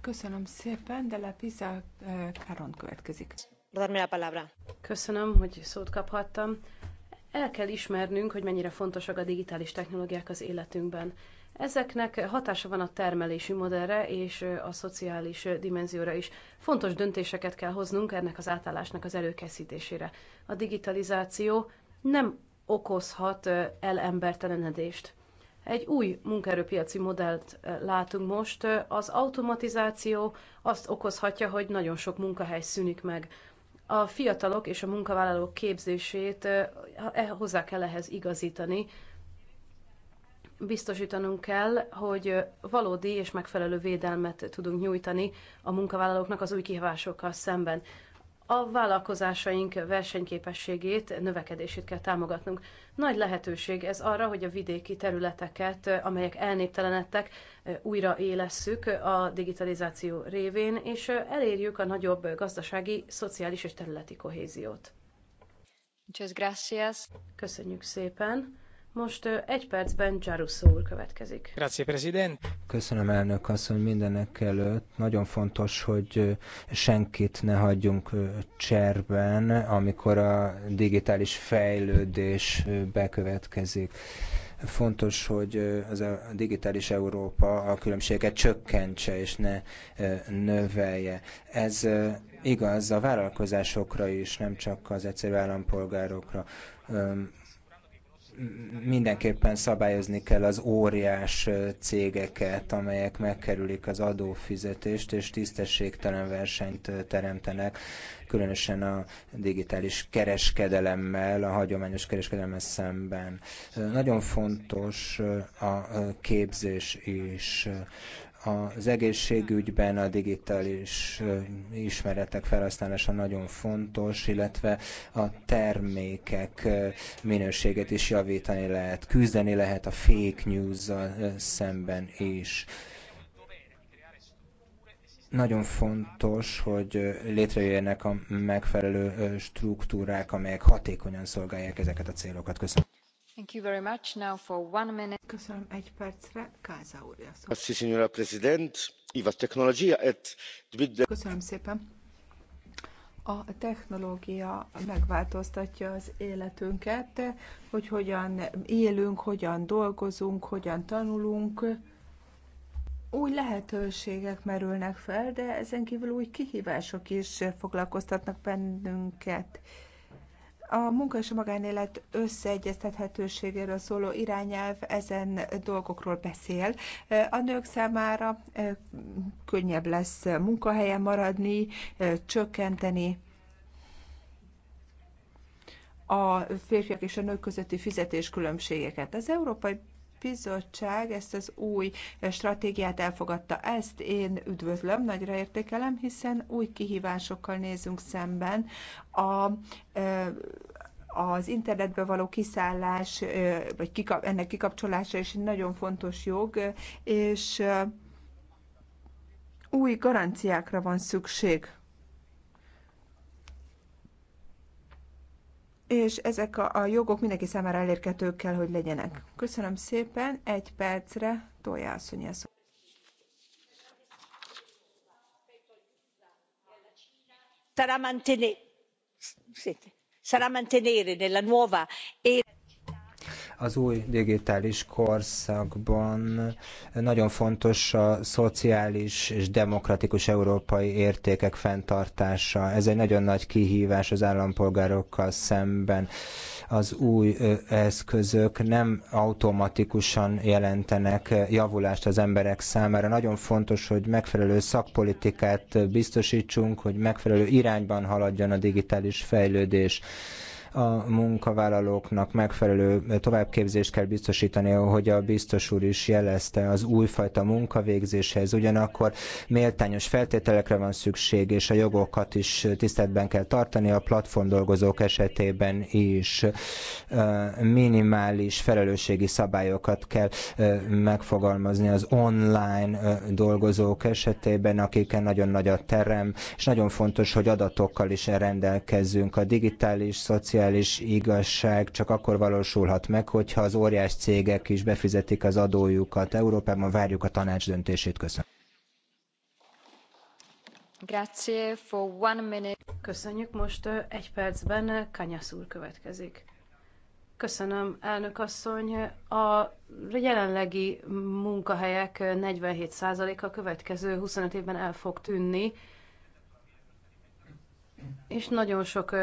Köszönöm szépen, de uh, la pizza Káron következik. Köszönöm, hogy szót kaphattam. El kell ismernünk, hogy mennyire fontosak a digitális technológiák az életünkben. Ezeknek hatása van a termelési modellre és a szociális dimenzióra is. Fontos döntéseket kell hoznunk ennek az átállásnak az előkészítésére. A digitalizáció nem okozhat elembertelenedést. Egy új munkaerőpiaci modellt látunk most. Az automatizáció azt okozhatja, hogy nagyon sok munkahely szűnik meg a fiatalok és a munkavállalók képzését e, hozzá kell ehhez igazítani. Biztosítanunk kell, hogy valódi és megfelelő védelmet tudunk nyújtani a munkavállalóknak az új kihívásokkal szemben a vállalkozásaink versenyképességét, növekedését kell támogatnunk. Nagy lehetőség ez arra, hogy a vidéki területeket, amelyek elnéptelenedtek, újra élesszük a digitalizáció révén, és elérjük a nagyobb gazdasági, szociális és területi kohéziót. Köszönjük szépen! Most egy percben Csáruszó úr következik. Grazie, president. Köszönöm, elnök asszony, mindenek előtt. Nagyon fontos, hogy senkit ne hagyjunk cserben, amikor a digitális fejlődés bekövetkezik fontos, hogy az a digitális Európa a különbséget csökkentse és ne növelje. Ez igaz a vállalkozásokra is, nem csak az egyszerű állampolgárokra mindenképpen szabályozni kell az óriás cégeket, amelyek megkerülik az adófizetést, és tisztességtelen versenyt teremtenek, különösen a digitális kereskedelemmel, a hagyományos kereskedelemmel szemben. Nagyon fontos a képzés is az egészségügyben a digitális ismeretek felhasználása nagyon fontos, illetve a termékek minőségét is javítani lehet, küzdeni lehet a fake news szemben is. Nagyon fontos, hogy létrejöjjenek a megfelelő struktúrák, amelyek hatékonyan szolgálják ezeket a célokat. Köszönöm. Köszönöm egy percre, Káza Köszönöm szépen. A technológia megváltoztatja az életünket, hogy hogyan élünk, hogyan dolgozunk, hogyan tanulunk. Új lehetőségek merülnek fel, de ezen kívül új kihívások is foglalkoztatnak bennünket a munka és a magánélet összeegyeztethetőségéről szóló irányelv ezen dolgokról beszél. A nők számára könnyebb lesz munkahelyen maradni, csökkenteni a férfiak és a nők közötti fizetéskülönbségeket. Az Európai bizottság ezt az új stratégiát elfogadta. Ezt én üdvözlöm, nagyra értékelem, hiszen új kihívásokkal nézünk szemben. A, az internetbe való kiszállás, vagy kikap, ennek kikapcsolása is egy nagyon fontos jog, és új garanciákra van szükség és ezek a, a jogok mindenki számára elérhetők kell, hogy legyenek. Köszönöm szépen, egy percre Tója asszony szó. Sarà mantenere nella nuova era. Az új digitális korszakban nagyon fontos a szociális és demokratikus európai értékek fenntartása. Ez egy nagyon nagy kihívás az állampolgárokkal szemben. Az új eszközök nem automatikusan jelentenek javulást az emberek számára. Nagyon fontos, hogy megfelelő szakpolitikát biztosítsunk, hogy megfelelő irányban haladjon a digitális fejlődés. A munkavállalóknak megfelelő továbbképzést kell biztosítani, ahogy a biztos úr is jelezte, az újfajta munkavégzéshez. Ugyanakkor méltányos feltételekre van szükség, és a jogokat is tiszteletben kell tartani a platform dolgozók esetében is. Minimális felelősségi szabályokat kell megfogalmazni az online dolgozók esetében, akiken nagyon nagy a terem, és nagyon fontos, hogy adatokkal is rendelkezzünk. A digitális, szociális szociális igazság csak akkor valósulhat meg, hogyha az óriás cégek is befizetik az adójukat. Európában várjuk a tanács döntését. Köszönöm. Köszönjük most egy percben Kanyasz úr következik. Köszönöm, elnök asszony. A jelenlegi munkahelyek 47%-a következő 25 évben el fog tűnni, és nagyon sok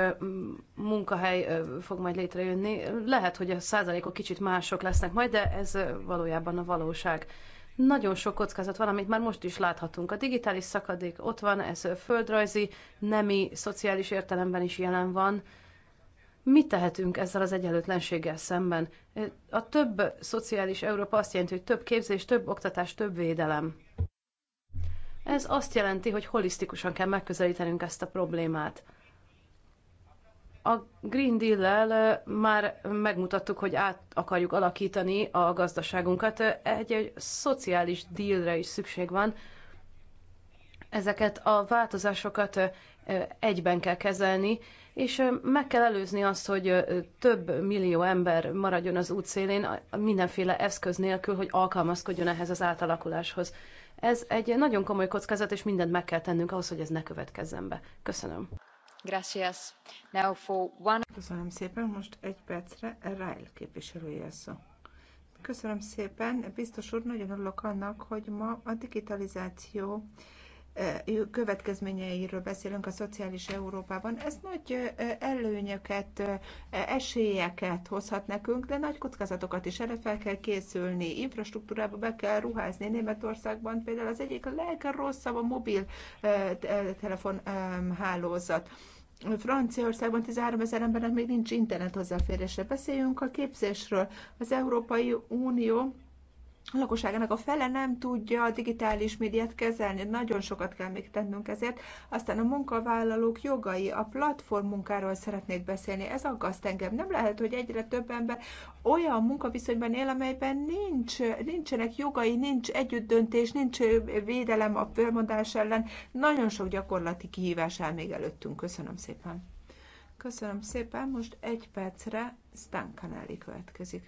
munkahely fog majd létrejönni. Lehet, hogy a százalékok kicsit mások lesznek majd, de ez valójában a valóság. Nagyon sok kockázat van, amit már most is láthatunk. A digitális szakadék ott van, ez földrajzi, nemi, szociális értelemben is jelen van. Mit tehetünk ezzel az egyenlőtlenséggel szemben? A több szociális Európa azt jelenti, hogy több képzés, több oktatás, több védelem. Ez azt jelenti, hogy holisztikusan kell megközelítenünk ezt a problémát. A Green Deal-lel már megmutattuk, hogy át akarjuk alakítani a gazdaságunkat. Egy, egy szociális dealre is szükség van. Ezeket a változásokat egyben kell kezelni, és meg kell előzni azt, hogy több millió ember maradjon az útszélén mindenféle eszköz nélkül, hogy alkalmazkodjon ehhez az átalakuláshoz. Ez egy nagyon komoly kockázat, és mindent meg kell tennünk ahhoz, hogy ez ne következzen be. Köszönöm. Gracias. Now for one... Köszönöm szépen. Most egy percre Ryle képviselője szó. Köszönöm szépen. Biztos úr, nagyon örülök annak, hogy ma a digitalizáció következményeiről beszélünk a szociális Európában. Ez nagy előnyöket, esélyeket hozhat nekünk, de nagy kockázatokat is erre fel kell készülni. Infrastruktúrába be kell ruházni. Németországban például az egyik a legrosszabb a mobil telefon hálózat. Franciaországban 13 ezer embernek még nincs internet hozzáférésre. Beszéljünk a képzésről. Az Európai Unió a lakosságának a fele nem tudja a digitális médiát kezelni. Nagyon sokat kell még tennünk ezért. Aztán a munkavállalók jogai, a platform munkáról szeretnék beszélni. Ez aggaszt engem. Nem lehet, hogy egyre több ember olyan munkaviszonyban él, amelyben nincs, nincsenek jogai, nincs együttdöntés, nincs védelem a fölmondás ellen. Nagyon sok gyakorlati kihívás áll még előttünk. Köszönöm szépen. Köszönöm szépen. Most egy percre Stan Canelli következik.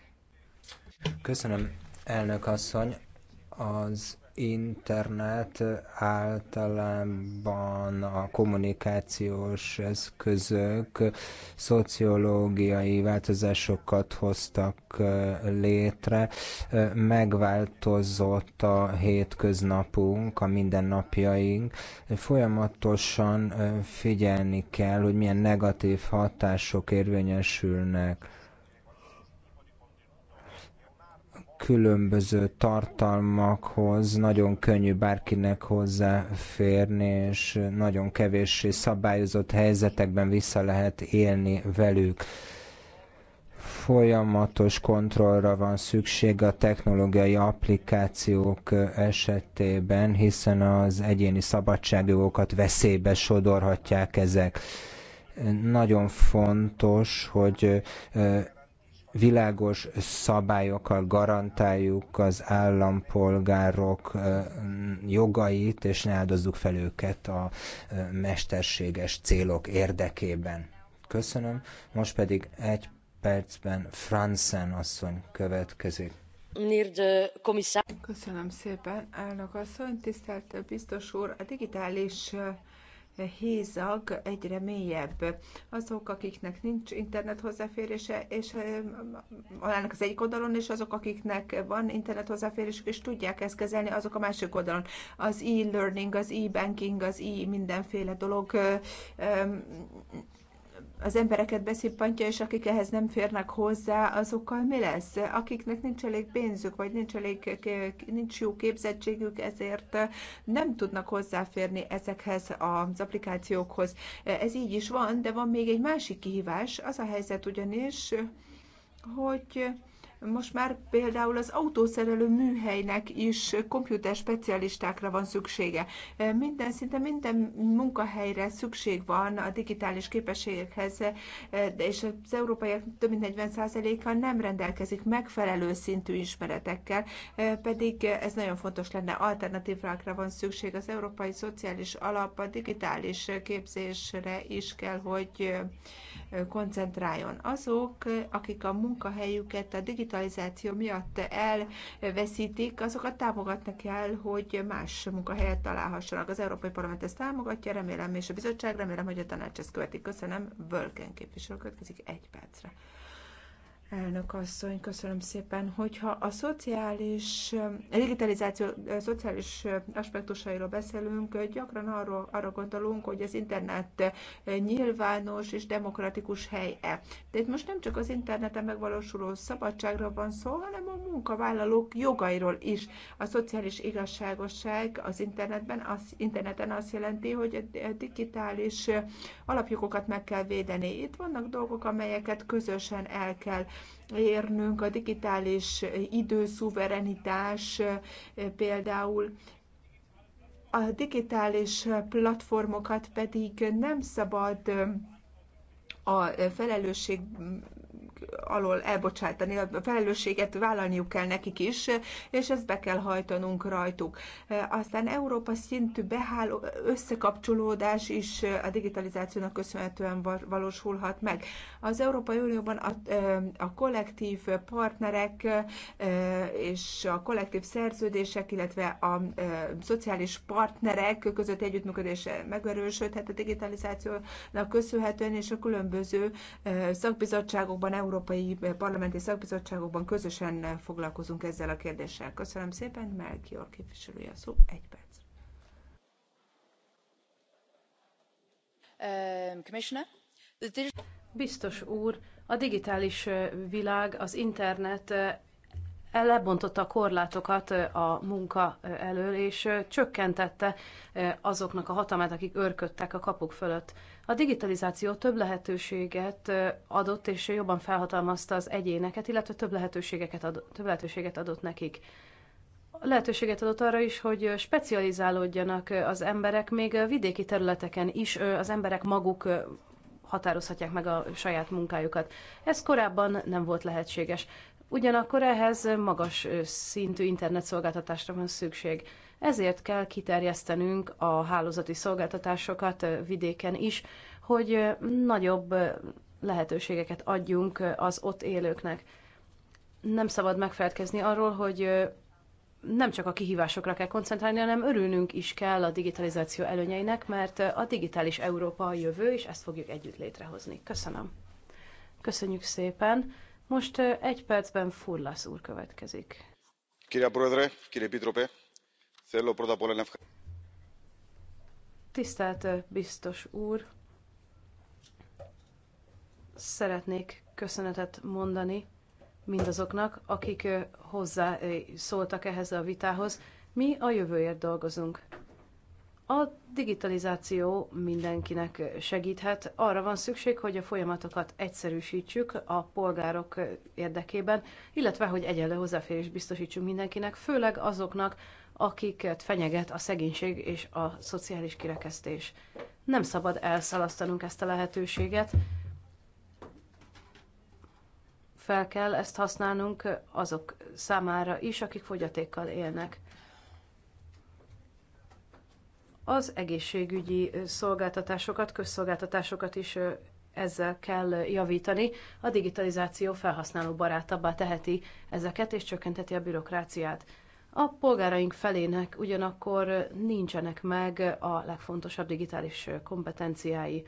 Köszönöm, Elnök asszony, az internet általában a kommunikációs eszközök szociológiai változásokat hoztak eh, létre. Eh, megváltozott a hétköznapunk, a mindennapjaink. Folyamatosan eh, figyelni kell, hogy milyen negatív hatások érvényesülnek különböző tartalmakhoz nagyon könnyű bárkinek hozzáférni, és nagyon kevéssé szabályozott helyzetekben vissza lehet élni velük. Folyamatos kontrollra van szükség a technológiai applikációk esetében, hiszen az egyéni szabadságjogokat veszélybe sodorhatják ezek. Nagyon fontos, hogy világos szabályokkal garantáljuk az állampolgárok jogait, és ne áldozzuk fel őket a mesterséges célok érdekében. Köszönöm. Most pedig egy percben Franzen asszony következik. Köszönöm szépen, elnök asszony, tisztelt biztos úr. A digitális hézag egyre mélyebb. Azok, akiknek nincs internet hozzáférése, és állnak az egyik oldalon, és azok, akiknek van internet hozzáférésük, és tudják ezt kezelni, azok a másik oldalon. Az e-learning, az e-banking, az e mindenféle dolog az embereket beszippantja, és akik ehhez nem férnek hozzá, azokkal mi lesz? Akiknek nincs elég pénzük, vagy nincs, elég, nincs jó képzettségük, ezért nem tudnak hozzáférni ezekhez az applikációkhoz. Ez így is van, de van még egy másik kihívás. Az a helyzet ugyanis, hogy most már például az autószerelő műhelynek is komputer specialistákra van szüksége. Minden szinte minden munkahelyre szükség van a digitális képességekhez, de és az európaiak több mint 40%-a nem rendelkezik megfelelő szintű ismeretekkel, pedig ez nagyon fontos lenne, alternatívákra van szükség. Az európai szociális alap a digitális képzésre is kell, hogy koncentráljon. Azok, akik a munkahelyüket a digitalizáció miatt elveszítik, azokat támogatni kell, hogy más munkahelyet találhassanak. Az Európai Parlament ezt támogatja, remélem, és a bizottság, remélem, hogy a tanács ezt követi. Köszönöm, Völken képviselő következik egy percre. Elnök asszony, köszönöm szépen, hogyha a szociális, a digitalizáció a szociális aspektusairól beszélünk, gyakran arról, arra gondolunk, hogy az internet nyilvános és demokratikus helye. De itt most nem csak az interneten megvalósuló szabadságról van szó, hanem a munkavállalók jogairól is. A szociális igazságosság az internetben, az interneten azt jelenti, hogy a digitális alapjogokat meg kell védeni. Itt vannak dolgok, amelyeket közösen el kell érnünk, a digitális időszuverenitás például, a digitális platformokat pedig nem szabad a felelősség alól elbocsátani a felelősséget vállalniuk kell nekik is, és ezt be kell hajtanunk rajtuk. Aztán Európa szintű beháló, összekapcsolódás is a digitalizációnak köszönhetően valósulhat meg. Az Európai Unióban a, a kollektív partnerek és a kollektív szerződések, illetve a szociális partnerek között együttműködése megerősödhet a digitalizációnak köszönhetően, és a különböző szakbizottságokban Európa európai eh, parlamenti szakbizottságokban közösen eh, foglalkozunk ezzel a kérdéssel. Köszönöm szépen, Melchior képviselője a szó, egy perc. Um, Biztos úr, a digitális eh, világ, az internet lebontotta a korlátokat a munka elől, és csökkentette azoknak a hatalmát, akik örködtek a kapuk fölött. A digitalizáció több lehetőséget adott, és jobban felhatalmazta az egyéneket, illetve több lehetőségeket adott, több lehetőséget adott nekik. Lehetőséget adott arra is, hogy specializálódjanak az emberek, még vidéki területeken is az emberek maguk határozhatják meg a saját munkájukat. Ez korábban nem volt lehetséges. Ugyanakkor ehhez magas szintű internetszolgáltatásra van szükség. Ezért kell kiterjesztenünk a hálózati szolgáltatásokat vidéken is, hogy nagyobb lehetőségeket adjunk az ott élőknek. Nem szabad megfelelkezni arról, hogy nem csak a kihívásokra kell koncentrálni, hanem örülnünk is kell a digitalizáció előnyeinek, mert a digitális Európa a jövő, és ezt fogjuk együtt létrehozni. Köszönöm. Köszönjük szépen. Most egy percben Furlasz úr következik. Kire Brodre, kire Bidrope. Tisztelt biztos úr! Szeretnék köszönetet mondani mindazoknak, akik hozzá szóltak ehhez a vitához. Mi a jövőért dolgozunk. A digitalizáció mindenkinek segíthet. Arra van szükség, hogy a folyamatokat egyszerűsítsük a polgárok érdekében, illetve hogy egyenlő hozzáférés biztosítsunk mindenkinek, főleg azoknak, akiket fenyeget a szegénység és a szociális kirekesztés. Nem szabad elszalasztanunk ezt a lehetőséget. Fel kell ezt használnunk azok számára is, akik fogyatékkal élnek az egészségügyi szolgáltatásokat, közszolgáltatásokat is ezzel kell javítani. A digitalizáció felhasználó barátabbá teheti ezeket, és csökkenteti a bürokráciát. A polgáraink felének ugyanakkor nincsenek meg a legfontosabb digitális kompetenciái.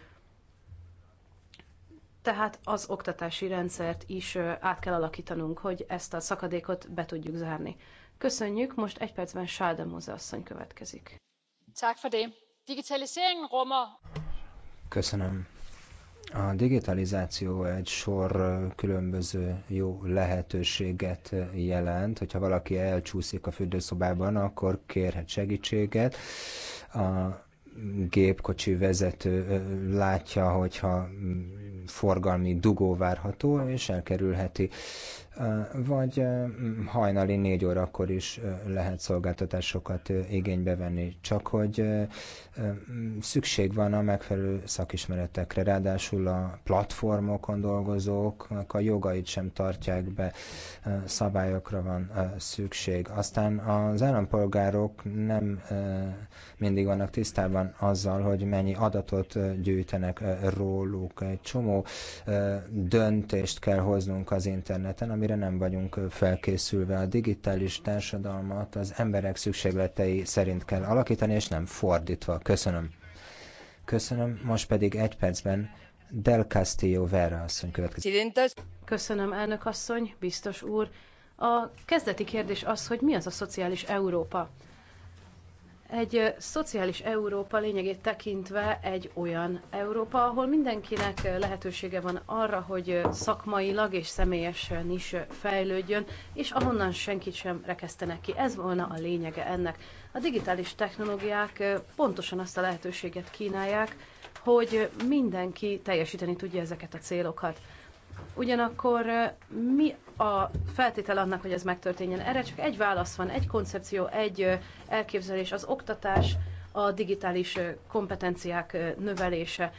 Tehát az oktatási rendszert is át kell alakítanunk, hogy ezt a szakadékot be tudjuk zárni. Köszönjük, most egy percben Sáldemóze asszony következik. Köszönöm. A digitalizáció egy sor különböző jó lehetőséget jelent. Hogyha valaki elcsúszik a fürdőszobában, akkor kérhet segítséget. A gépkocsi vezető látja, hogyha mm, forgalmi dugó várható, és elkerülheti vagy hajnali négy órakor is lehet szolgáltatásokat igénybe venni, csak hogy szükség van a megfelelő szakismeretekre. Ráadásul a platformokon dolgozóknak a jogait sem tartják be, szabályokra van szükség. Aztán az állampolgárok nem mindig vannak tisztában azzal, hogy mennyi adatot gyűjtenek róluk. Egy csomó döntést kell hoznunk az interneten, ami amire nem vagyunk felkészülve. A digitális társadalmat az emberek szükségletei szerint kell alakítani, és nem fordítva. Köszönöm. Köszönöm, most pedig egy percben Del Castillo Vera asszony következik. Köszönöm, elnök asszony, biztos úr. A kezdeti kérdés az, hogy mi az a szociális Európa. Egy szociális Európa lényegét tekintve egy olyan Európa, ahol mindenkinek lehetősége van arra, hogy szakmailag és személyesen is fejlődjön, és ahonnan senkit sem rekesztenek ki. Ez volna a lényege ennek. A digitális technológiák pontosan azt a lehetőséget kínálják, hogy mindenki teljesíteni tudja ezeket a célokat. Ugyanakkor mi a feltétel annak, hogy ez megtörténjen. Erre csak egy válasz van, egy koncepció, egy elképzelés, az oktatás, a digitális kompetenciák növelése.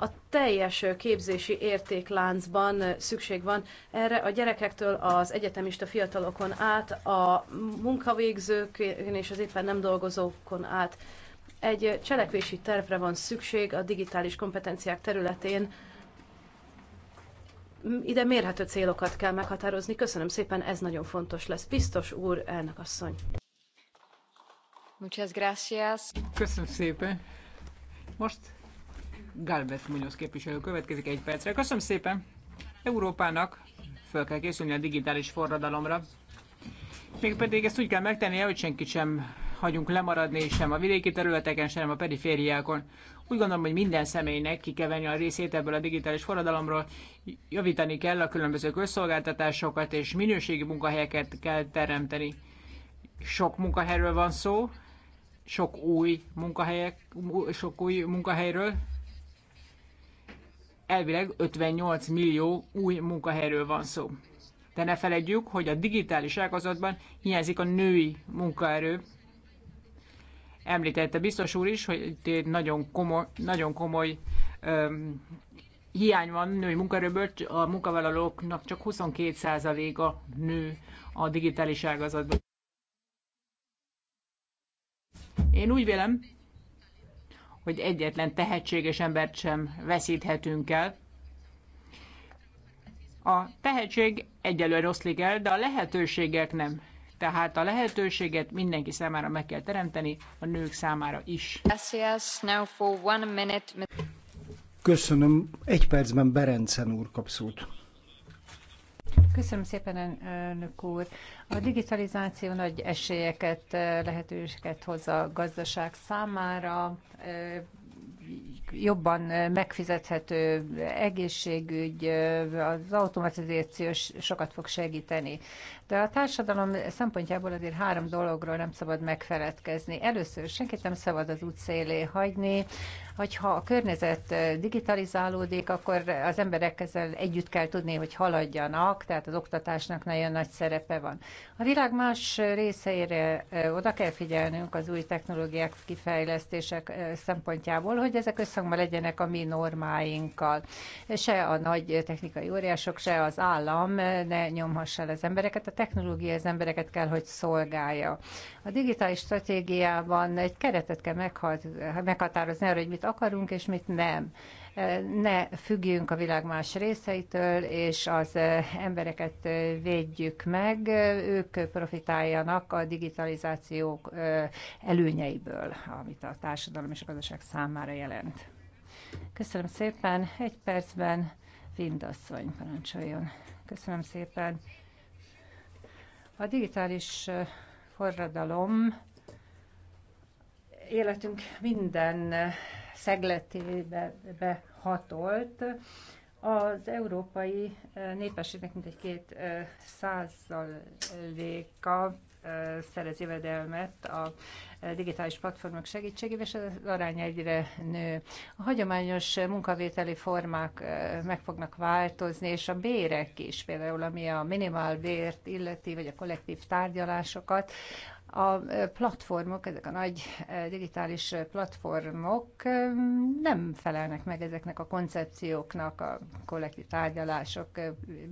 A teljes képzési értékláncban szükség van erre a gyerekektől az egyetemista fiatalokon át, a munkavégzőkön és az éppen nem dolgozókon át. Egy cselekvési tervre van szükség a digitális kompetenciák területén, ide mérhető célokat kell meghatározni. Köszönöm szépen, ez nagyon fontos lesz. Biztos úr, elnök asszony. Muchas gracias. Köszönöm szépen. Most Galvez Munoz képviselő következik egy percre. Köszönöm szépen. Európának föl kell készülni a digitális forradalomra. Mégpedig ezt úgy kell megtennie, hogy senkit sem hagyunk lemaradni sem a vidéki területeken, sem a perifériákon. Úgy gondolom, hogy minden személynek ki kell venni a részét ebből a digitális forradalomról, javítani kell a különböző közszolgáltatásokat, és minőségi munkahelyeket kell teremteni. Sok munkahelyről van szó, sok új, munkahelyek, sok új munkahelyről, elvileg 58 millió új munkahelyről van szó. De ne feledjük, hogy a digitális ágazatban hiányzik a női munkaerő, Említette biztos úr is, hogy itt nagyon komoly, nagyon komoly um, hiány van női munkaerőből, a munkavállalóknak csak 22%-a nő a digitális ágazatban. Én úgy vélem, hogy egyetlen tehetséges embert sem veszíthetünk el. A tehetség egyelőre oszlik el, de a lehetőségek nem. Tehát a lehetőséget mindenki számára meg kell teremteni, a nők számára is. Köszönöm. Egy percben Berencen úr kap szót. Köszönöm szépen, elnök úr. A digitalizáció nagy esélyeket, lehetőséget hoz a gazdaság számára, jobban megfizethető egészségügy, az automatizáció sokat fog segíteni. De a társadalom szempontjából azért három dologról nem szabad megfeledkezni. Először senkit nem szabad az útszélé hagyni, Hogyha a környezet digitalizálódik, akkor az emberek ezzel együtt kell tudni, hogy haladjanak, tehát az oktatásnak nagyon nagy szerepe van. A világ más részeire oda kell figyelnünk az új technológiák kifejlesztések szempontjából, hogy ezek összhangban legyenek a mi normáinkkal. Se a nagy technikai óriások, se az állam ne nyomhassa el az embereket, a technológia az embereket kell, hogy szolgálja. A digitális stratégiában egy keretet kell meghatározni arra, hogy mit akarunk és mit nem ne függjünk a világ más részeitől, és az eh, embereket eh, védjük meg, ők profitáljanak a digitalizáció eh, előnyeiből, amit a társadalom és a gazdaság számára jelent. Köszönöm szépen, egy percben Vindasszony parancsoljon. Köszönöm szépen. A digitális forradalom életünk minden szegletébe behatolt. Az európai népességnek mintegy két százaléka szerez jövedelmet a digitális platformok segítségével, és az arány egyre nő. A hagyományos munkavételi formák meg fognak változni, és a bérek is, például ami a minimálbért illeti, vagy a kollektív tárgyalásokat, a platformok, ezek a nagy digitális platformok nem felelnek meg ezeknek a koncepcióknak, a kollektív tárgyalások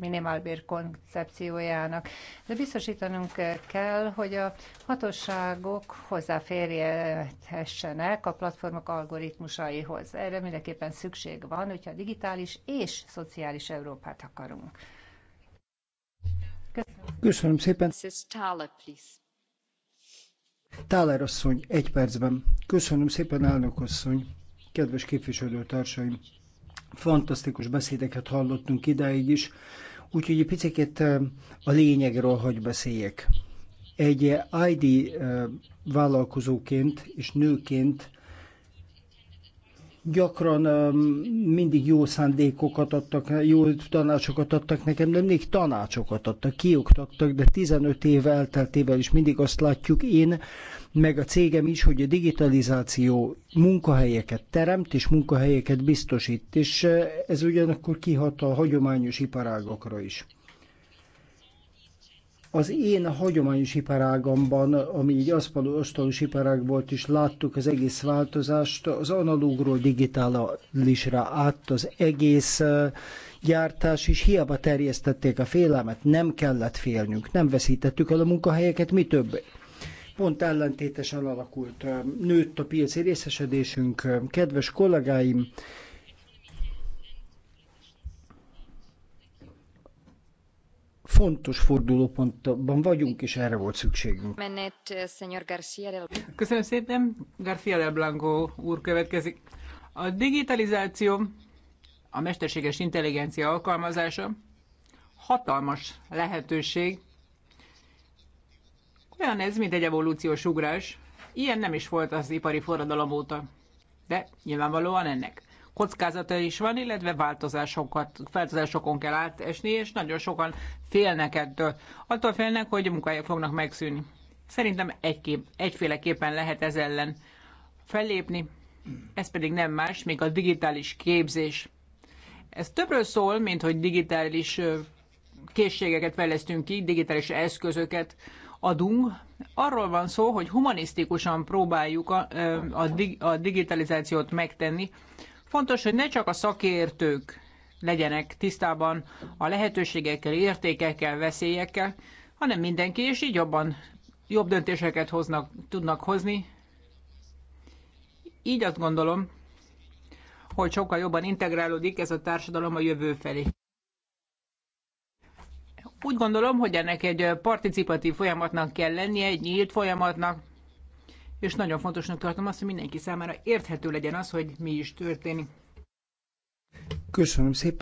minimálbér koncepciójának, de biztosítanunk kell, hogy a hatóságok hozzáférjethessenek a platformok algoritmusaihoz. Erre mindenképpen szükség van, hogyha digitális és szociális Európát akarunk. Köszönöm, Köszönöm szépen. Táler asszony, egy percben. Köszönöm szépen, elnök asszony, kedves képviselőtársaim. Fantasztikus beszédeket hallottunk idáig is, úgyhogy egy picit eh, a lényegről hagy beszéljek. Egy eh, ID eh, vállalkozóként és nőként gyakran mindig jó szándékokat adtak, jó tanácsokat adtak nekem, de még tanácsokat adtak, kioktattak, de 15 év elteltével is mindig azt látjuk én, meg a cégem is, hogy a digitalizáció munkahelyeket teremt és munkahelyeket biztosít, és ez ugyanakkor kihat a hagyományos iparágakra is. Az én hagyományos iparágamban, ami így asztalos iparág volt is, láttuk az egész változást, az analógról digitálisra át az egész gyártás is, hiába terjesztették a félelmet, nem kellett félnünk, nem veszítettük el a munkahelyeket, mi több. Pont ellentétesen alakult, nőtt a piaci részesedésünk. Kedves kollégáim, fontos fordulópontban vagyunk, és erre volt szükségünk. Menet, García del... Köszönöm szépen, García del Blanco úr következik. A digitalizáció, a mesterséges intelligencia alkalmazása hatalmas lehetőség. Olyan ez, mint egy evolúciós ugrás. Ilyen nem is volt az ipari forradalom óta. De nyilvánvalóan ennek kockázata is van, illetve változásokat, változásokon kell átesni, és nagyon sokan félnek ettől. Attól félnek, hogy munkájuk fognak megszűnni. Szerintem kép, egyféleképpen lehet ez ellen fellépni, ez pedig nem más, még a digitális képzés. Ez többről szól, mint hogy digitális készségeket fejlesztünk ki, digitális eszközöket adunk. Arról van szó, hogy humanisztikusan próbáljuk a, a, a digitalizációt megtenni, Fontos, hogy ne csak a szakértők legyenek tisztában a lehetőségekkel, értékekkel, veszélyekkel, hanem mindenki, és így jobban jobb döntéseket hoznak, tudnak hozni. Így azt gondolom, hogy sokkal jobban integrálódik ez a társadalom a jövő felé. Úgy gondolom, hogy ennek egy participatív folyamatnak kell lennie, egy nyílt folyamatnak, és nagyon fontosnak tartom azt, hogy mindenki számára érthető legyen az, hogy mi is történik. Köszönöm szépen!